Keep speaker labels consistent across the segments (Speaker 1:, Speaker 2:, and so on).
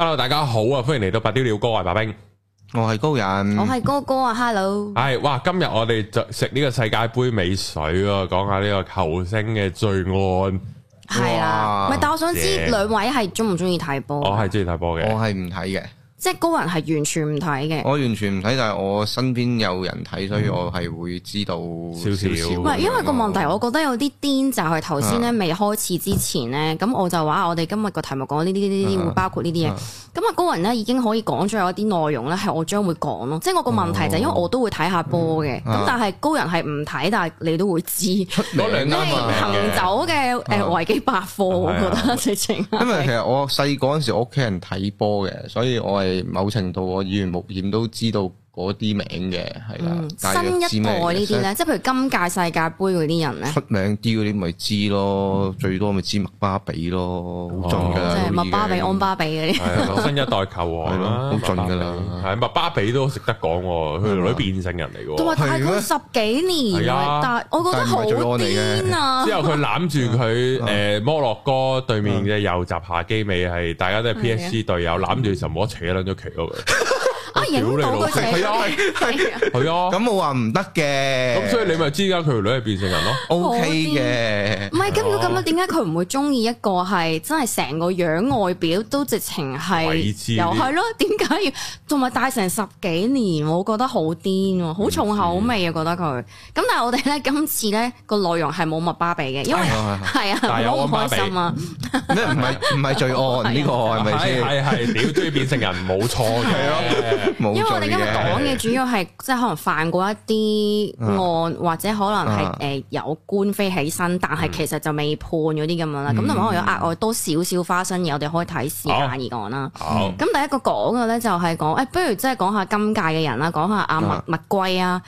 Speaker 1: hello，大家好啊，歡迎嚟到白鵰鳥歌啊，白冰，我係高人，我
Speaker 2: 係哥哥啊，hello，
Speaker 1: 係哇，今日我哋就食呢個世界杯尾水啊，講下呢個球星嘅罪案，係哇啊，唔係，但我想知 Yeah. 兩
Speaker 2: 位係中唔中意睇波？我係
Speaker 1: 中意睇波嘅，我係唔睇嘅。
Speaker 2: 即係高人係完全唔睇嘅，我
Speaker 1: 完全唔睇，但
Speaker 3: 係我身邊有人睇，所以我係會知道少少。因為個
Speaker 2: 問題，我覺得有啲癲，就係頭先咧未開始之前咧，咁我就話我哋今日個題目講呢啲會包括呢啲嘢。咁啊，高人咧已經可以講咗有一啲內容咧，係我將會講咯。即係我個問題就係，因為我都會睇下波嘅，咁但係高人係唔睇，但係你都會知。出兩粒啊！行走嘅誒維基百科，我覺得直情。因為其
Speaker 3: 實我細個嗰時，屋企人睇波嘅，所以我係。某程度，我耳濡目染都知道。嗰啲名嘅係啦，新一代呢啲咧，
Speaker 2: 即係譬如今屆世界盃嗰啲人咧，出
Speaker 3: 名啲嗰啲咪知咯，最多咪知麥巴比咯，好盡㗎，即係麥巴
Speaker 2: 比、安巴比嗰啲，新
Speaker 1: 一代球王啦，好盡㗎啦，係麥巴比都識得講，佢女變性人嚟㗎，同埋泰
Speaker 2: 國十幾年，但係我覺得好
Speaker 1: 癲啊！之後佢攬住佢誒摩洛哥對面嘅右閘夏基米係，大家都係 PSC 隊友，攬住就冇得扯兩張旗㗎。
Speaker 2: 影到佢，係啊係
Speaker 1: 啊係啊，咁我話唔得嘅，咁所以你咪知啦，佢條女係變成人咯。O K 嘅，唔係咁如果咁樣，
Speaker 2: 點解佢唔會中意一個係真係成個樣外表都直情係又係咯？點解要同埋戴成十幾年？我覺得好癲喎，好重口味啊！覺得佢咁，但係我哋咧今次咧個內容係冇麥巴比嘅，因為係啊，我好開心啊！咩
Speaker 3: 唔係唔係罪案呢
Speaker 1: 個係咪先？係係，屌中意變成人冇錯嘅。 因為我哋今日
Speaker 2: 講嘅主要係，即係可能犯過一啲案，啊、或者可能係誒有官非起身，嗯、但係其實就未判嗰啲咁樣啦。咁同埋可能有額外多少少花生而我哋可以睇時間而案啦。好、哦，咁第一個講嘅咧就係、是、講，誒、欸、不如即係講下今屆嘅人啦，講下阿麥麥貴啊。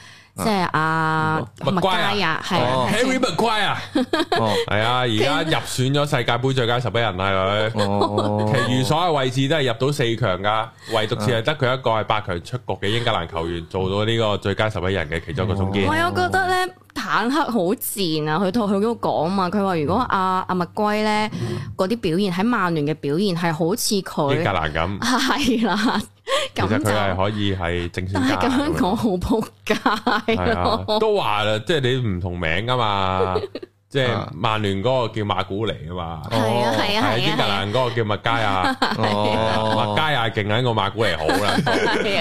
Speaker 2: 即係阿麥圭啊，係啊，Harry 麥圭啊，係
Speaker 1: 啊，而家入選咗世界杯最佳十一人係咪，啊、 其餘所有位置都係入到四強噶，唯獨只係得佢一個係八強出局嘅英格蘭球員做到呢個最佳十一人嘅其中一個總結。 我又覺得
Speaker 2: 咧坦克好賤啊，佢套佢都講啊嘛，佢話如果阿、啊、阿麥圭咧嗰啲表現喺曼聯嘅表現係好似佢英格蘭咁，係啦。其實佢係
Speaker 1: 可以係正選，但係咁樣
Speaker 2: 講好撲街咯。都話
Speaker 1: 啦，即係你唔同名噶嘛。 即係曼聯嗰個叫馬古尼啊嘛，係啊係啊，英格蘭嗰個叫麥佳啊，麥佳啊勁啊，過馬古尼好啦，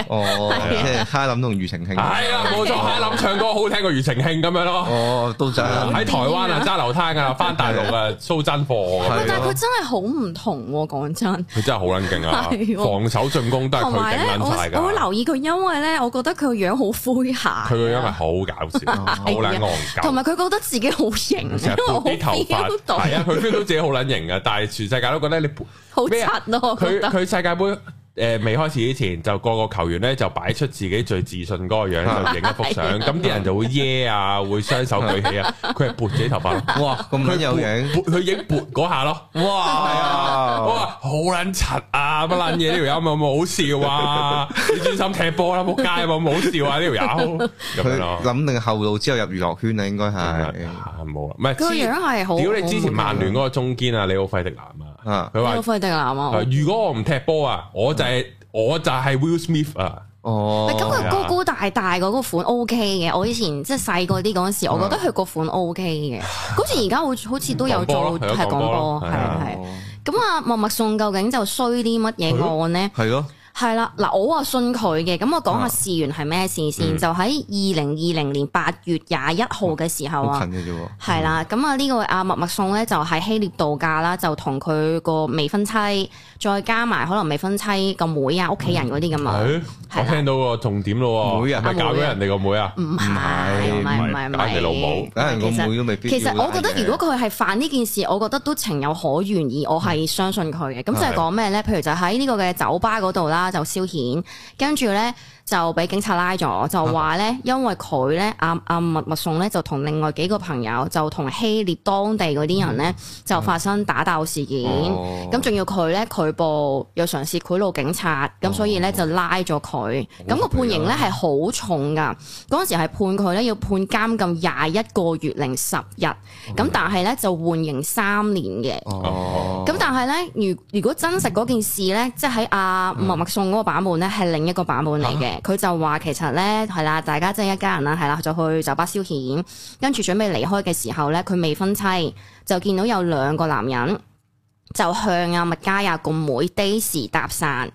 Speaker 2: 哦，即
Speaker 1: 係哈林同庾澄慶，係啦冇錯，哈林唱歌好聽過庾澄慶咁樣咯，哦，都就喺台灣啊揸流攤啊，返大陸啊收真貨咁，但係佢真
Speaker 2: 係好唔同喎，講真，
Speaker 1: 佢真係好撚勁啊，防守進攻都係佢頂硬大嘅，我會留
Speaker 2: 意佢，因為咧，我覺得佢個樣好灰下，佢
Speaker 1: 個樣係好搞
Speaker 2: 笑，好撚戇，同埋佢覺得自己好型。成撥啲頭髮，係啊，
Speaker 1: 佢 feel 到自己好撚型㗎， 但係全世界都覺得你好咩啊，佢佢麼世界盃。誒，未開始之前就個個球員咧，就擺出自己最自信嗰個樣，就影一幅相，咁啲是、啊、人就會耶、yeah、啊，是啊會雙手舉起啊，佢係撥自己頭髮，哇，咁樣有影，佢影撥嗰下咯，哇，是啊、哇，好撚柒啊，乜撚嘢呢條友咪好笑啊， 你專心踢波啦，冇街啊，好笑啊呢條
Speaker 3: 友，咁樣諗定後路之後入娛樂圈啊，應該係冇啊，
Speaker 1: 唔係個樣係好，屌你之前曼聯嗰個中堅啊，你好費迪南啊。佢話，
Speaker 2: 費迪南啊，
Speaker 1: 如果我唔踢波啊，嗯，我就是，我就係，我就係 Will Smith 啊。哦，咁佢，啊、高高
Speaker 2: 大大嗰個款 OK 嘅，我以前即係細個啲嗰時，我覺得佢個款 OK 嘅。好似而家好好似都有做踢講波，係啊係。咁啊默默送究竟就衰啲乜嘢案咧？係咯。哎係啦，嗱，我啊信佢嘅，咁我講下事源係咩事先，就喺二零二零年八月廿一號嘅時候啊，係啦，咁啊呢個阿默默送咧就喺希臘度假啦，就同佢個未婚妻。再加埋可能未婚妻個妹啊，屋企人嗰啲咁嘛，
Speaker 1: 我聽到個重點咯喎。妹人係咪搞咗人哋個妹啊？唔係唔係唔係唔係，係佢老母。其實我覺得如果
Speaker 2: 佢係犯呢件事，我覺得都情有可原，而我係相信佢嘅。咁就講咩咧？譬如就喺呢個嘅酒吧嗰度啦，就消遣，跟住咧，就俾警察拉咗，就話咧，因為佢咧，阿阿麥麥送咧就同另外幾個朋友就同希臘當地嗰啲人咧就發生打鬥事件，咁仲、嗯、要佢咧拒捕，又嘗試賄賂警察，咁、嗯、所以咧就拉咗佢。咁個、嗯、判刑咧係好重噶，嗰陣、嗯、時係判佢咧要判監禁廿一個月零十日，咁、嗯、但係咧就緩刑三年嘅。哦、嗯，咁、嗯、但係咧，如如果真實嗰件事咧，即係喺阿麥麥送嗰個版本咧，係另一個版本嚟嘅。佢就話其實咧係啦，大家即係一家人啦，係啦，就去酒吧消遣，跟住準備離開嘅時候咧，佢未婚妻就見到有兩個男人就向阿麥加亞個妹 Daisy 搭訕，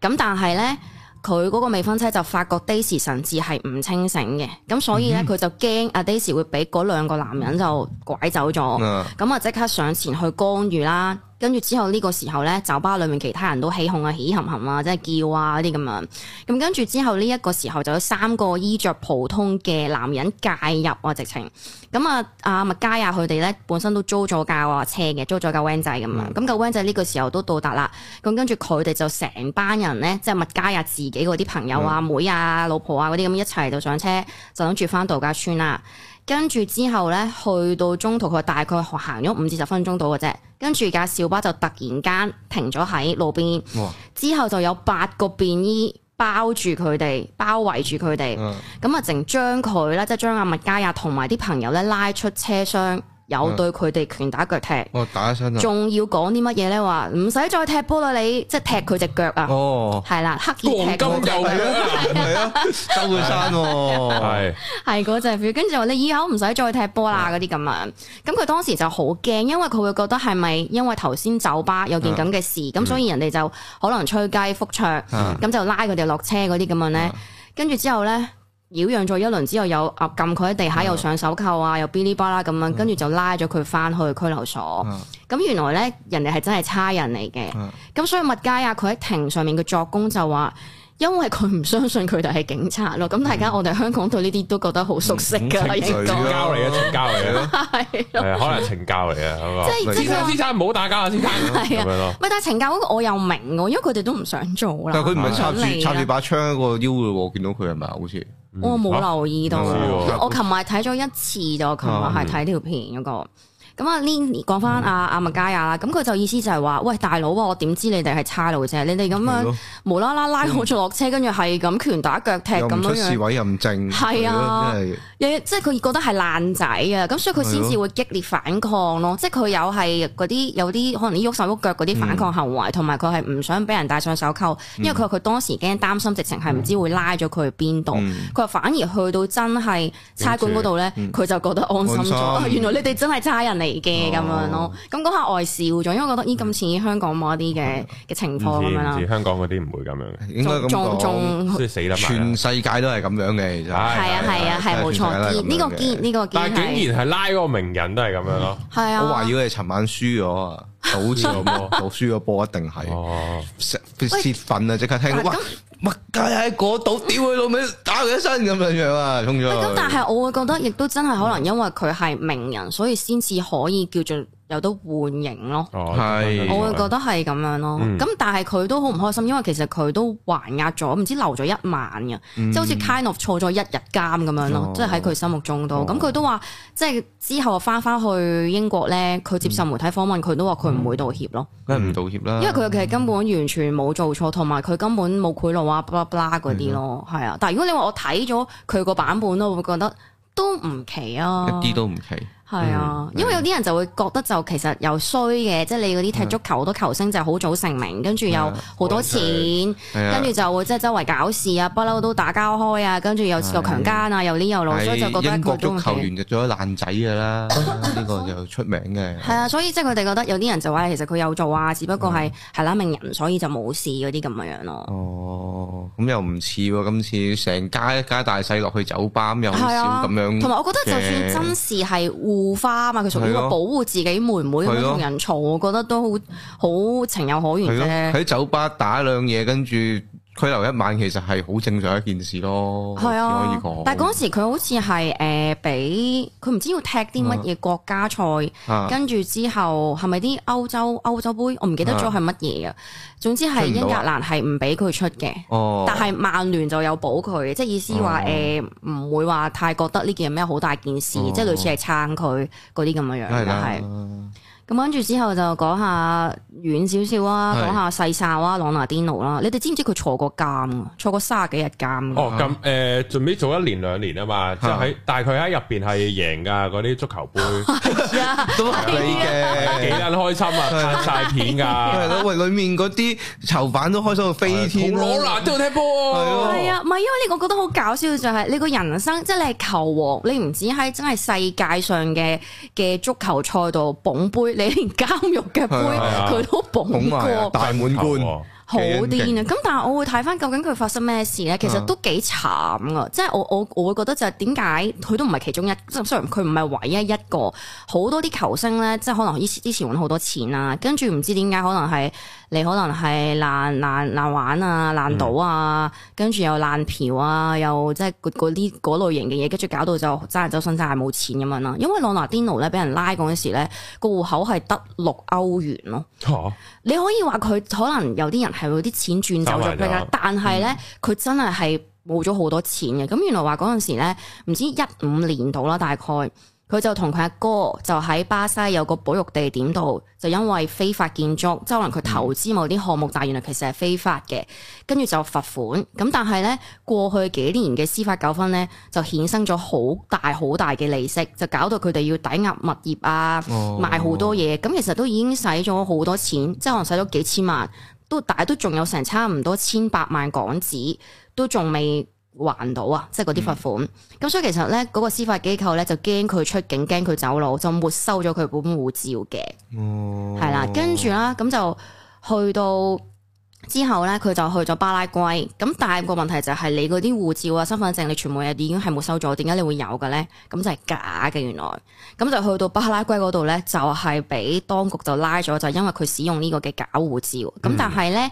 Speaker 2: 咁但係咧佢嗰個未婚妻就發覺 Daisy 神智係唔清醒嘅，咁所以咧佢就驚阿 Daisy 會俾嗰兩個男人就拐走咗，咁啊即刻上前去干預啦。跟住之後呢個時候呢，酒吧裏面其他人都起哄啊，起冚冚啊，即係叫啊啲咁啊。咁跟住之後呢一個時候就有三個衣着普通嘅男人介入啊，直情。咁啊，阿麥嘉亞佢哋呢，本身都租咗架啊車嘅，租咗架 van 仔咁啊。咁架 van 仔呢個時候都到達啦。咁、嗯、跟住佢哋就成班人呢，即係麥嘉亞自己嗰啲朋友啊、嗯、妹啊、老婆啊嗰啲咁一齊就上車，就諗住翻度假村啦。跟住之後呢，去到中途佢大概行咗五至十分鐘到嘅啫。跟住架小巴就突然間停咗喺路邊，哇之後就有八個便衣包住佢哋，包圍住佢哋。咁啊、嗯，淨將佢咧，即係將阿麥嘉亞同埋啲朋友呢拉出車廂。有對佢哋拳打腳踢，
Speaker 3: 哦，打親仲
Speaker 2: 要講啲乜嘢咧？話唔使再踢波啦，你即係踢佢隻腳啊！哦，係啦，黑衣踢黃金
Speaker 3: 周佢啦，周山喎，
Speaker 2: 係嗰隻。跟住話你以後唔使再踢波啦，嗰啲咁啊。咁佢當時就好驚，因為佢會覺得係咪因為頭先酒吧有件咁嘅事，咁所以人哋就可能吹雞腹槍，咁就拉佢哋落車嗰啲咁樣咧。跟住之後咧。擾攘咗一輪之後，又壓撳佢喺地下，又上手扣啊，又噼里啪啦咁樣，跟住就拉咗佢翻去拘留所。咁原來咧，人哋係真係差人嚟嘅。咁所以麥嘉啊，佢喺庭上面嘅作供就話，因為佢唔相信佢哋係警察咯。咁大家我哋香港對呢啲都覺得好熟悉嘅，懲教嚟嘅，懲教嚟啊，
Speaker 1: 可能懲教嚟啊，即嘛？資差資差唔好打交啊，資差咁
Speaker 2: 樣，但係懲教嗰個我又明，因為佢哋都唔想做啦。但佢唔係插住插住
Speaker 3: 把槍喺個腰嘅喎，見到佢係咪好似哦、我冇留意到，啊啊啊、我琴
Speaker 2: 日睇咗一次就，琴日係睇條片嗰、那個，咁、啊嗯、阿啊呢講翻阿阿麥嘉亞啦，咁佢就意思就係話，喂大佬我點知你哋係差佬啫，你哋咁啊無啦啦拉我坐落車，跟住係咁拳打腳踢咁樣，示委
Speaker 3: 任證係啊。
Speaker 2: 即係佢覺得係爛仔啊，咁所以佢先至會激烈反抗咯。即係佢有係嗰啲有啲可能喐手喐腳嗰啲反抗行為，同埋佢係唔想俾人戴上手扣，因為佢話佢當時驚擔心直情係唔知會拉咗佢去邊度。佢話反而去到真係差館嗰度咧，佢就覺得安心咗。原來你哋真係差人嚟嘅咁樣咯。咁嗰下我係笑咗，因為我覺得咦咁似香港某啲嘅嘅情況咁樣啦。
Speaker 3: 香港嗰啲唔會咁樣嘅，應該咁講，全世界都係咁樣嘅，真係。係啊係啊係冇錯。呢個見，呢個見，但係竟然係拉個名人都係咁樣咯。係、 嗯、啊，我懷疑佢哋尋晚輸咗 啊，賭住個波，輸個波一定係。喂，洩憤啊！即刻聽，喂哇，乜街喺嗰度，屌佢老味打佢一身咁樣樣啊，衝咗。咁、嗯、但係
Speaker 2: 我會覺得，亦都真係可能因為佢係名人，所以先至可以叫做。有得緩刑咯，哦、是我會覺得係咁樣咯。咁、嗯、但係佢都好唔開心，因為其實佢都還押咗，唔知留咗一晚。嘅、嗯，即係好似 kind of 坐咗一日監咁樣咯。即係喺佢心目中、哦嗯、都。咁佢都話，即係之後翻翻去英國咧，佢接受媒體訪問，佢都話佢唔會道歉咯。梗
Speaker 3: 係唔道歉啦，嗯、因為佢
Speaker 2: 其實根本完全冇做錯，同埋佢根本冇賄賂啊，bla bla 嗰啲咯，係啊、嗯。但係如果你話我睇咗佢個版本咯，會覺得都唔奇啊，一啲都唔奇。係啊，因為有啲人就會覺得就其實又衰嘅，即係你嗰啲踢足球好多球星就好早成名，跟住又好多錢，跟住就會即係周圍搞事啊，不嬲都打交開啊，跟住又似個強奸啊，又呢又路。所以就覺得英國足球員
Speaker 3: 就做咗爛仔㗎啦，呢個就出名
Speaker 2: 嘅。係啊，所以即係佢哋覺得有啲人就話其實佢有做啊，只不過係係啦名人，所以就冇事嗰啲咁嘅樣咯。
Speaker 3: 哦，咁又唔似喎，今次成家一家大細落去酒吧又唔少咁樣。同埋我覺得就算真
Speaker 2: 事係護花嘛，佢屬於保護自己妹妹，同的人嘈，我覺得都好好情有可原啫。喺
Speaker 3: 酒吧打兩嘢，跟住。拘留一晚其實係好正常一件事咯，係啊，可以講。但嗰時
Speaker 2: 佢好似係誒俾佢唔知要踢啲乜嘢國家賽，啊、跟住之後係咪啲歐洲歐洲杯？我唔記得咗係乜嘢嘅。啊、總之係英格蘭係唔俾佢出嘅，
Speaker 1: 出啊、但係
Speaker 2: 曼聯就有保佢，哦、即係意思話誒唔會話太覺得呢件咩好大件事，哦、即係類似係撐佢嗰啲咁嘅樣啦，係。咁跟住之後就講下遠少少啊，講下細沙啊，朗是拿甸奴啦。你哋知唔知佢坐過監啊？坐過卅幾日監。哦，咁
Speaker 1: 誒，最尾做一年兩年啊嘛，是啊就喺，但係佢喺入邊係贏噶嗰啲足球杯，咁、啊、 你嘅幾間開心啊，賺錢噶。
Speaker 3: 喂、啊啊啊，裡面嗰啲囚犯都開心到飛天，老難都要踢
Speaker 2: 波。係啊，唔係因為我覺得好搞笑、就是，就係你個人生即係、就是、你係球王，你唔止喺真係世界上嘅嘅足球賽度捧杯。你連監獄嘅杯佢都捧過，大滿貫好癲啊！咁但係我會睇翻究竟佢發生咩事咧？其實都幾慘噶，即係、嗯、我我我會覺得就係點解佢都唔係其中一，即係雖然佢唔係唯一一個，好多啲球星咧，即係可能以前，之前揾好多錢啊，跟住唔知點解可能係。你可能係爛爛爛玩啊，爛賭啊，跟住、嗯、又爛嫖啊，又即係嗰啲嗰類型嘅嘢，跟住搞到就真係就周身債係冇錢咁樣啦。因為朗拿甸奴咧，俾人拉嗰陣時咧，個戶口係得六歐元咯。啊、你可以話佢可能有啲人係會啲錢轉走咗佢啊，但係咧佢真係係冇咗好多錢嘅。咁、嗯、原來話嗰陣時咧，唔知一五年到啦，大概。佢就同佢阿哥就喺巴西有個保育地點度，就因為非法建築，即係可能佢投資某啲項目，但原來其實係非法嘅，跟住就罰款。咁但係咧，過去幾年嘅司法糾紛咧，就衍生咗好大好大嘅利息，就搞到佢哋要抵押物業啊，哦哦哦賣好多嘢。咁其實都已經使咗好多錢，即係可能使咗幾千萬，都大都仲有成差唔多千百萬港紙，都仲未。還到啊，即係嗰啲罰款。咁、嗯、所以其實呢，嗰、那個司法機構呢，就驚佢出境，驚佢走佬，就沒收咗佢本護照嘅。哦，係啦。跟住啦，咁就去到之後呢，佢就去咗巴拉圭。咁但係個問題就係你嗰啲護照啊、身份證，你全部嘢已經係沒收咗。點解你會有嘅呢？咁就係假嘅，原來。咁就去到巴拉圭嗰度呢，就係俾當局就拉咗，就因為佢使用呢個嘅假護照。咁、嗯、但係呢。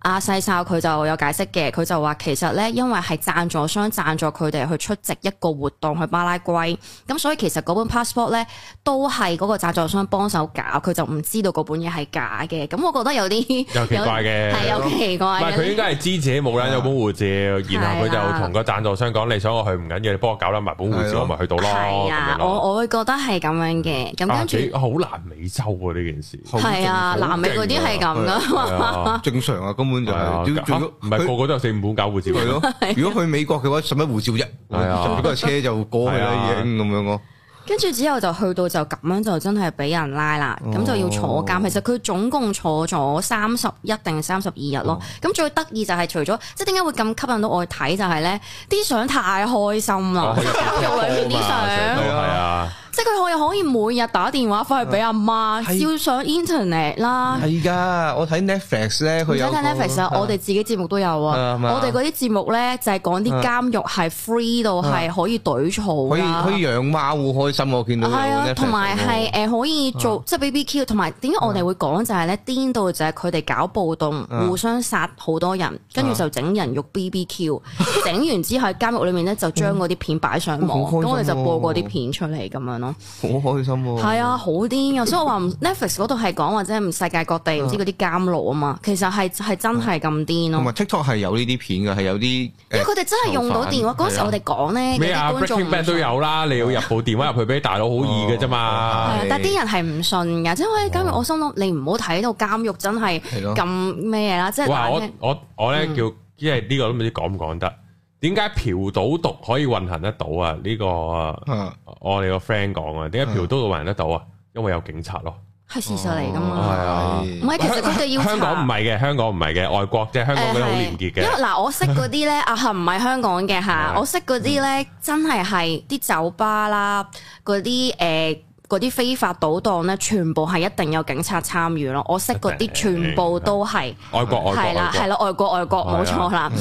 Speaker 2: 阿細哨佢就有解釋嘅，佢就話其實咧，因為係贊助商贊助佢哋去出席一個活動去巴拉圭，咁所以其實嗰本 passport 咧都係嗰個贊助商幫手搞，佢就唔知道嗰本嘢係假嘅。咁我覺得有啲又奇怪嘅，係又奇怪。但係佢應
Speaker 1: 該係知自己冇啦，有本護照，然後佢就同個贊助商講：你想我去唔緊要，你幫我搞啦，埋本護照我咪去到咯。係啊，我
Speaker 2: 我會覺得係咁樣嘅。咁跟住
Speaker 1: 好南美洲喎呢件事。係啊，南美嗰啲係咁噶。正
Speaker 3: 常啊。本就係，唔係個個都有四五本搞護照咯。如果去美國嘅話，使乜護照啫？嗰個、 啊、車就過去啦，已經咁樣咯。
Speaker 2: 跟住之後就去到就咁樣，就真係俾人拉啦。咁、哦、就要坐監。其實佢總共坐咗三十一定三十二日咯。咁、哦、最得意就係除咗，即係點解會咁吸引到我睇就係咧？啲相太開心啦，監獄裏面啲相。係、嗯、啊。即佢可以可以每日打電話翻去俾阿媽，照上 internet 啦。
Speaker 3: 係噶，我睇 Netflix 咧，佢有。唔使睇 Netflix 啊！我哋
Speaker 2: 自己節目都有啊。我哋嗰啲節目咧就係講啲監獄係 free 到係可以懟嘈。可以可以
Speaker 3: 養貓，好開心，我見到。係啊，同埋係
Speaker 2: 誒可以做即 BBQ，同埋點解我哋會講就係咧癲到就係佢哋搞暴動，互相殺好多人，跟住就整人肉 BBQ。整完之後監獄裡面咧就將嗰啲片擺上網，咁我哋就播嗰啲片出嚟咁樣咯。好開心喎！係啊，好癲啊。所以我話 Netflix 嗰度係講或者係世界各地唔知嗰啲監牢啊嘛，其實係係真係咁癲咯。同埋
Speaker 1: TikTok 係有呢啲片嘅，係有啲因為佢哋真係用到電話
Speaker 2: 嗰時，我哋講咧。咩啊 Breaking Bad
Speaker 1: 都有啦，你要入部電話入去俾大佬好易嘅啫嘛。係啊，但係啲人
Speaker 2: 係唔信嘅，即係因為我心諗你唔好睇到監獄真係咁咩嘢啦，即係。哇！我
Speaker 1: 我我咧叫，因為呢個都唔知講唔講得。點解嫖賭毒可以運行得到啊？呢、這個我哋個 friend 講啊，點解、啊哦啊、嫖賭毒運行得到啊？因為有警察咯，
Speaker 2: 係事實嚟噶嘛。係啊、哦，
Speaker 1: 唔係、哎、呀其實佢哋要查。香港唔係嘅，香港唔係嘅，外國即係香港嘅都好廉潔嘅。因為嗱，
Speaker 2: 我識嗰啲咧啊，唔係香港嘅吓， 我識嗰啲咧真係係啲酒吧啦，嗰啲誒。呃嗰啲非法賭檔咧，全部係一定有警察參與咯。我識嗰啲全部都係外國，外國係啦，係啦，外國外國冇錯啦，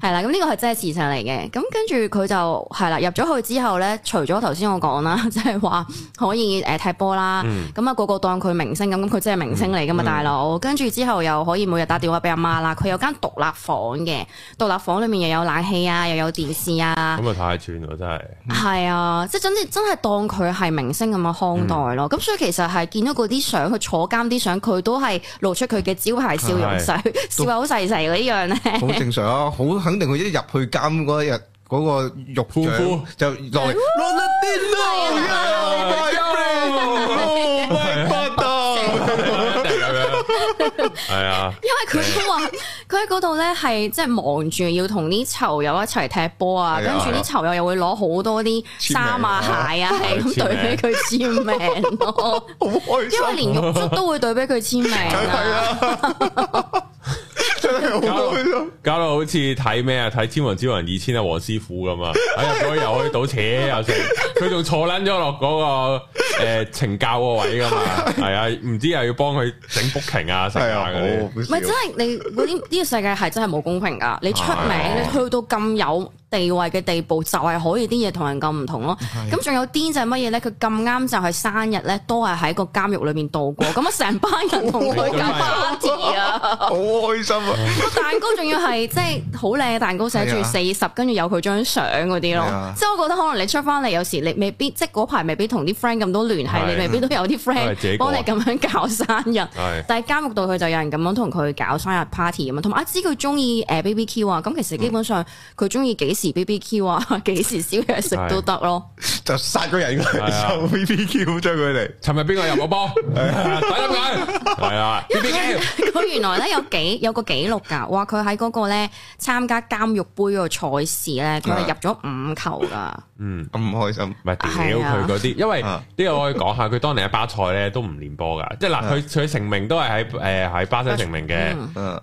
Speaker 2: 係啦。咁呢個係真係事實嚟嘅。咁跟住佢就係啦，入咗去之後咧，除咗頭先我講啦，即係話可以誒踢波啦。咁啊，個個當佢明星咁，咁佢真係明星嚟噶嘛，大佬。跟住之後又可以每日打電話俾阿媽啦。佢有間獨立房嘅，獨立房裡面又有冷氣啊，又有電視啊。咁
Speaker 1: 啊，太串啦，真
Speaker 2: 係。係啊，即係總之真係當佢係明星咁樣當代咯，咁所以其實係見到嗰啲相，佢坐監啲相，佢都係露出佢嘅招牌笑容，笑笑口曬曬嗰樣咧。好正
Speaker 3: 常啊，好肯定佢一入去監嗰日嗰個獄長就來。
Speaker 1: 係啊， 因為佢都話
Speaker 2: 佢喺嗰度咧，係即係忙住要同啲囚友一齊踢波啊，跟住啲囚友又會攞好多啲衫啊、鞋啊，係咁的名對俾佢簽名咯，啊。 啊、因為連獄卒都會對俾佢簽名啊。 是
Speaker 1: 搞到，搞到好似睇咩啊？睇《千王之王》二千啊，黃師傅噶嘛？哎呀，嗰日去賭扯又成，佢仲坐捻咗落嗰個誒，懲教個位噶嘛？係啊，唔知又要幫佢整 booking 啊，成啊。嗰啲。唔係真
Speaker 2: 係你啲呢、這個世界係真係冇公平噶。你出名， 你去到咁有。地位嘅地步就係、是、可以啲嘢同人咁唔同咯。咁仲是的 有啲就係乜嘢咧？佢咁啱就係生日咧，都係喺個監獄裏面度過，咁啊，成班人同佢搞 party 啊，好 開心啊！個 蛋糕仲要係即係好靚嘅蛋糕，寫住四十，40, 跟住有佢張相嗰啲咯。即係的我覺得可能你出翻嚟，有時你未必即係嗰排未必同啲 friend 咁多聯繫，你未必都有啲 friend 幫你咁樣搞生日。的但係監獄度佢就有人咁樣同佢搞生日 party 啊同埋我知佢中意誒 BBQ 啊，咁其實基本上佢中意幾。時 BBQ 啊，幾時燒嘢食都得咯，
Speaker 1: 就殺個人就 BBQ 將佢哋。尋日邊個入我波，打針唔
Speaker 2: 係啊。佢原來咧有幾有個紀錄噶，哇！佢喺嗰個咧參加監獄杯個賽事咧，佢係入咗五球噶。
Speaker 1: 嗯，咁唔開心。唔係屌佢嗰啲，因為呢個我可以講下，佢當年喺巴塞咧都唔練波噶，即係嗱，佢佢成名都係喺誒喺巴西成名嘅。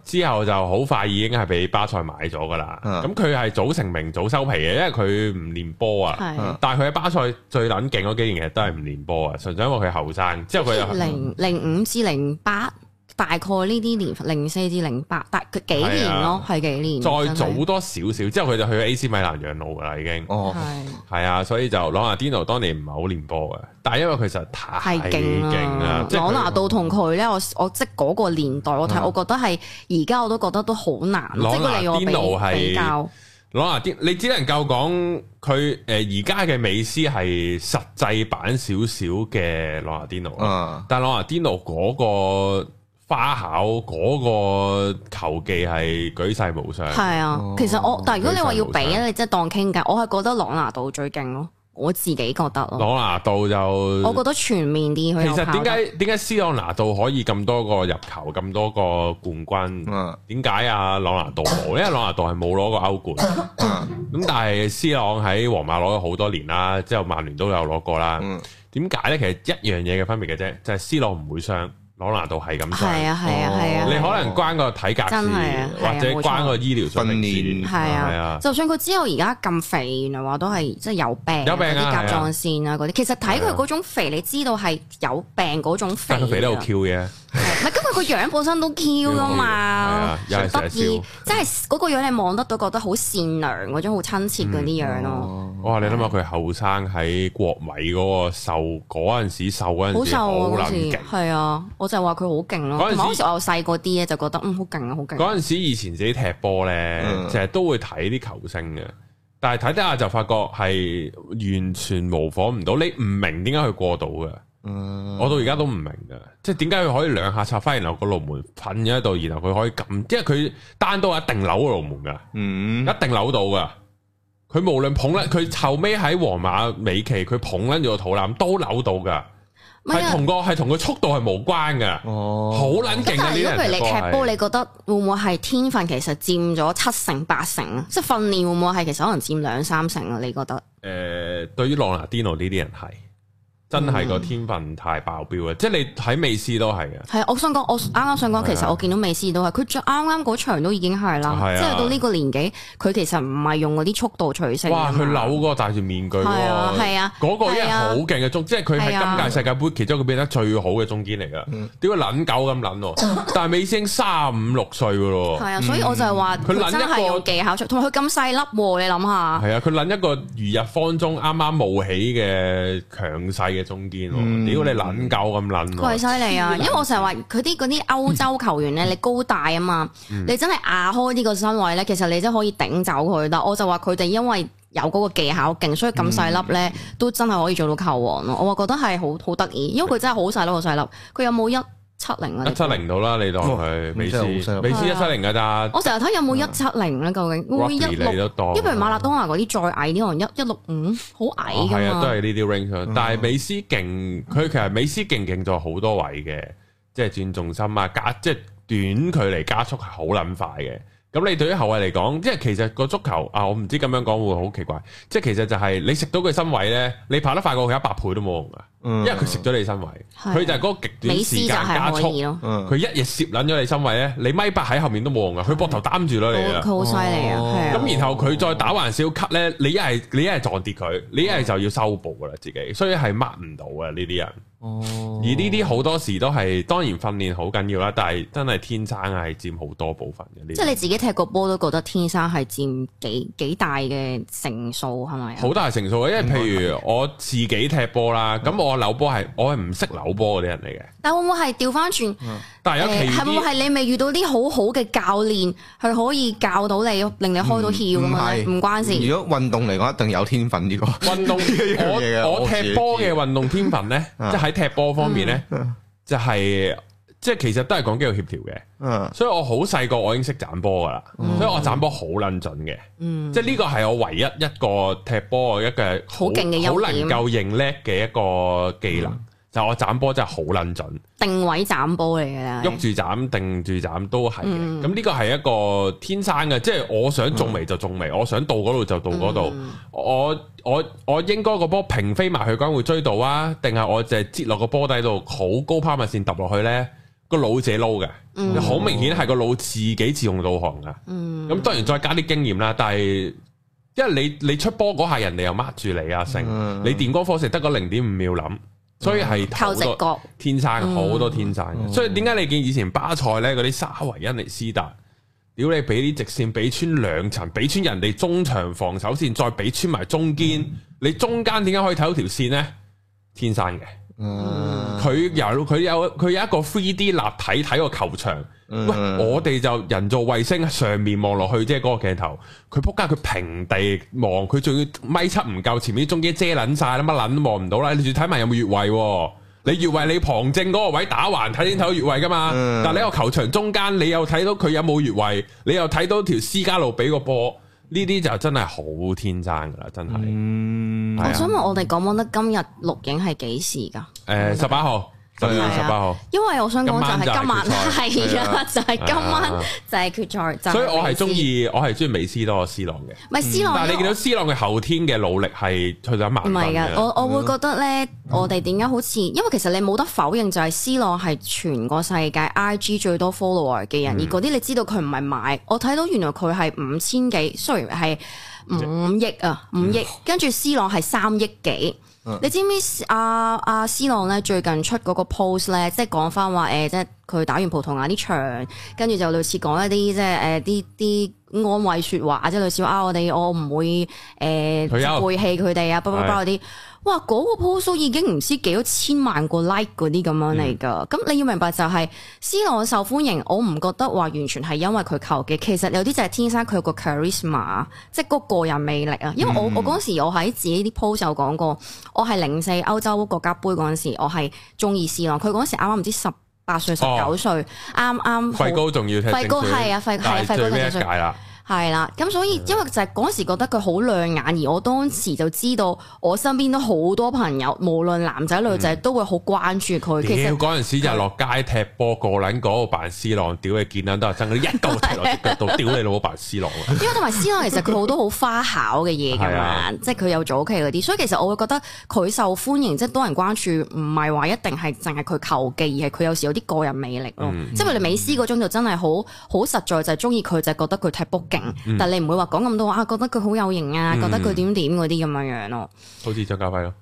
Speaker 1: 之後就好快已經係俾巴塞買咗噶啦。咁佢係早成名。早收皮嘅，因為佢唔練波啊。但係佢喺巴塞最冷靜嗰幾年其實都係唔練波啊，純粹因為佢後生。之後佢又零
Speaker 2: 零五至零八，大概呢啲年零四至零八，但佢幾年咯，係幾年？再早
Speaker 1: 多少少，之後佢就去 A.C. 米蘭養老啦，已經。哦，係係啊，所以就朗拿 n o 當年唔係好練波嘅，但係因為佢實太勁啦，即朗拿
Speaker 2: 度同佢咧，我我即嗰個年代，我睇我覺得係而家我都覺得都好難，即係佢哋我比比較。
Speaker 1: 朗拿甸，你只能夠講佢誒而家嘅美斯係實際版少少嘅朗拿甸奴，但係朗拿甸奴嗰個花巧，嗰，嗰個球技係舉世無雙。係啊，
Speaker 2: 其實我，但係如果你話要比咧，你即係當傾偈，我係覺得朗拿度最勁咯。我自己覺得咯，朗
Speaker 1: 拿度就我覺得
Speaker 2: 全面啲。其實點解
Speaker 1: 點解 C 朗拿度可以咁多個入球咁多個冠軍？點解、嗯、啊？朗拿度冇， 因為朗拿度係冇攞過歐冠。咁 但係 C 朗喺皇馬攞咗好多年啦，之後曼聯都有攞過啦。點解咧？其實一樣嘢嘅分別嘅啫，就係、是、C 朗唔會傷。攞難度係咁，係啊係啊係啊！你可能關個體格，真係啊，或者關個醫療訓練，係啊係啊。就算
Speaker 2: 佢之後而家咁肥，原來話都係即係有病，有病啲甲狀腺啊嗰啲，其實睇佢嗰種肥，你知道係有病嗰種肥。但佢肥得好
Speaker 1: Q 嘅，
Speaker 2: 唔係，因為個樣本身都 Q 㗎嘛，又得意，即係嗰個樣你望得到，覺得好善良嗰種，好親切嗰啲樣
Speaker 1: 咯。哇！你諗下佢後生喺國米嗰個瘦嗰陣時，瘦嗰陣時好瘦啊，好似
Speaker 2: 係啊。我就話佢好勁咯。嗰陣時我細個啲咧，就覺得嗯，好勁啊，好勁。嗰陣
Speaker 1: 時以前自己踢波咧，成日、嗯、都會睇啲球星嘅。但係睇得下就發覺係完全模仿唔到。你唔明點解佢過到嘅？嗯、我到而家都唔明嘅。即係點解佢可以兩下插翻入個龍門，瞓咗喺度，然後佢可以咁？即係佢單刀一定扭個龍門噶，嗯，一定扭到噶。佢無論捧咧，佢後尾喺皇馬、尾期，佢捧拎住個肚腩都扭到噶。係同個係同佢速度係無關噶，好撚勁啊！但如果譬如你踢波，是你
Speaker 2: 覺得會唔會係天分？其實佔咗七成八成啊，即係訓練會唔會係其實可能佔兩三成啊？你覺得？
Speaker 1: 誒、呃，對於朗拿甸奴呢啲人係。真係個天分太爆表啊！即係你喺美斯都係嘅。
Speaker 2: 係啊，我想講，我啱啱想講，其實我見到美斯都係佢最啱啱嗰場都已經係啦。係啊，即係到呢個年紀，佢其實唔係用嗰啲速度取勝。哇！佢
Speaker 1: 扭嗰個戴住面具。係啊，係啊。嗰個真係好勁嘅中，即係佢喺今屆世界盃其中佢變得最好嘅中堅嚟㗎。點解撚狗咁撚喎？但係美斯三五六歲㗎咯。係啊，所以我就係
Speaker 2: 話佢撚一個技巧同埋佢咁細粒，你諗下。
Speaker 1: 係啊，佢撚一個如日方中啱啱冒起嘅強勢。中堅屌你撚鳩咁撚，佢犀利啊！因為我
Speaker 2: 成日話佢啲嗰啲歐洲球員咧，你高大啊嘛， 你真係壓開呢個身位咧，其實你真可以頂走佢啦。我就話佢哋因為有嗰個技巧勁，所以咁細粒咧都真係可以做到球王咯。我話覺得係好好得意，因為佢真係好細粒好細粒，佢有冇一七零啦，一七
Speaker 1: 零到啦，你當係美斯，哦、美斯一七零噶咋？我成
Speaker 2: 日睇有冇一七零咧，究竟、嗯、會一六？因為馬拉多納嗰啲再矮啲可能一一六五，好矮噶嘛，係、哦、啊，都係呢
Speaker 1: 啲 range。但係美斯勁，佢、嗯、其實美斯勁勁在好多位嘅，即係轉重心啊，加即係、就是、短距離加速係好捻快嘅。咁你對於後衛嚟講，即係其實個足球啊，我唔知咁樣講會好奇怪。即係其實就係你食到佢身位咧，你跑得快過佢一百倍都冇用噶，嗯、因為佢食咗你身位，佢的就係嗰個極端時間加速佢一日攝捻咗你身位咧，你咪擺喺後面都冇用噶，佢膊頭擔住咗你啦。佢好犀利啊！咁然後佢再打橫少 cut 咧，你一係你一係撞跌佢，你一係就要收步噶啦，自己所以係抹唔到啊呢啲人。哦，而呢啲好多時都係當然訓練好緊要啦，但係真係天生係佔好多部分嘅。即係你自
Speaker 2: 己踢個波都覺得天生係佔幾幾大嘅成數係咪？好
Speaker 1: 大成數啊！因為譬如我自己踢波啦，咁我扭波係我係唔識扭波嗰啲人嚟嘅。
Speaker 2: 會唔會係調翻轉？但係有期係會唔會係你未遇到啲好好嘅教練，係可以教到你，令你開到竅噶嘛？唔關事。如
Speaker 1: 果運動嚟講，一定有天分，呢個運動，我踢波嘅運動天分咧，即係喺踢波方面咧，就係即係其實都係講肌肉協調嘅。嗯，所以我好細個我已經識斬波噶啦，所以我斬波好捻準嘅。即係呢個係我唯一一個踢波一個好勁嘅、好能夠認叻嘅一個技能。就我斬波真係好捻準，
Speaker 2: 定位斬波嚟嘅，喐
Speaker 1: 住斬定住斬都係嘅。咁呢、嗯、個係一個天生嘅，即、就、係、是、我想中眉就中眉，嗯、我想到嗰度就到嗰度、嗯。我我我應該個波平飛埋去，關會追到啊？定係我就係接落個波底度好高拋物線揼落去呢？嗯、個腦者撈嘅，好明顯係個腦自己自動導航噶咁、嗯、當然再加啲經驗啦，但係因為你你，你出波嗰下，人哋又 mark 住你啊，成你電光火石得個零點五秒諗。所以係頭直角天生，好多天生，所以點解你見以前巴塞呢嗰啲，沙維恩尼斯達，屌你俾啲直線俾穿兩層，俾穿人哋中場防守線，再俾穿埋中間，嗯、你中間點解可以睇到條線呢？天生嘅。嗯，佢有佢有佢有一個 three D 立體睇個球場，嗯、喂，嗯、我哋就人造衛星上面望落去，即係嗰個鏡頭，佢仆街，佢平地望，佢仲要米七唔夠，前面啲中間遮捻晒啦，乜捻都望唔到啦，你仲睇埋有冇越位，你越位你旁正嗰個位打橫睇先睇有越位噶嘛，嗯、但係你個球場中間你又睇到佢有冇越位，你又睇到條私家路俾個波。呢啲就真係好天真㗎喇，真係。嗯、是的 我想問
Speaker 2: 我哋講冇得今日錄影係幾時㗎？
Speaker 1: 十八、呃、號。二月十八號、啊，因為我想講就係今晚，係啊，就係、啊、 今晚就
Speaker 2: 係決賽，啊、所以我，我係中意
Speaker 1: 我係中意美斯多過 C 朗嘅。唔係 C 朗，但係你見到 C 朗嘅後天嘅努力係去咗一萬分唔係噶，我我會覺
Speaker 2: 得咧，嗯、我哋點解好似，因為其實你冇得否認，就係 C 朗係全個世界 I G 最多 follower 嘅人，嗯、而嗰啲你知道佢唔係買，我睇到原來佢係五千幾，雖然係。五億啊，五億，跟住 C 朗係三億幾，呃、你知唔知阿阿 C 朗咧最近出嗰個 post 咧，即係講翻話誒，即係佢打完葡萄牙啲場，跟住就類似講一啲即係誒啲啲。呃安慰説話即係類似話啊！我哋我唔會誒背棄佢哋啊！包包包嗰啲，哇嗰個 post 已經唔知幾多千萬個 like 嗰啲咁樣嚟㗎。咁、嗯、你要明白就係 C 朗受歡迎，我唔覺得話完全係因為佢球嘅，其實有啲就係天生佢個 charisma，即係嗰個個人魅力啊。因為我我嗰時我喺自己啲 post 講過，嗯、我係零四歐洲國家杯嗰陣時，我係中意 C 朗。佢嗰時啱啱唔知十八歲、十九歲，啱啱。費、哦、高仲要，費高係啊，費係啊，費是高最叻屆啦。係啦，咁所以因為就係嗰時覺得佢好亮眼，而我當時就知道我身邊都好多朋友，無論男仔女仔都會好關注佢。其實
Speaker 1: 嗰陣時就係落街踢波，個撚個扮斯朗，屌嘅見啦都係真啲一嚿踢落啲
Speaker 2: 腳度，屌你
Speaker 1: 老闆斯朗。
Speaker 2: 因為同埋斯朗其實佢好多好花巧嘅嘢噶嘛，即係佢有早期嗰啲，所以其實我會覺得佢受歡迎即係多人關注，唔係話一定係淨係佢球技，而係佢有時有啲個人魅力咯。即係佢哋美斯嗰種就真係好好實在就係中意佢，就係覺得佢踢波勁。但你唔會話講咁多啊，覺得佢好有型啊，覺得佢點點嗰啲咁樣樣咯，
Speaker 1: 好似張家輝咯，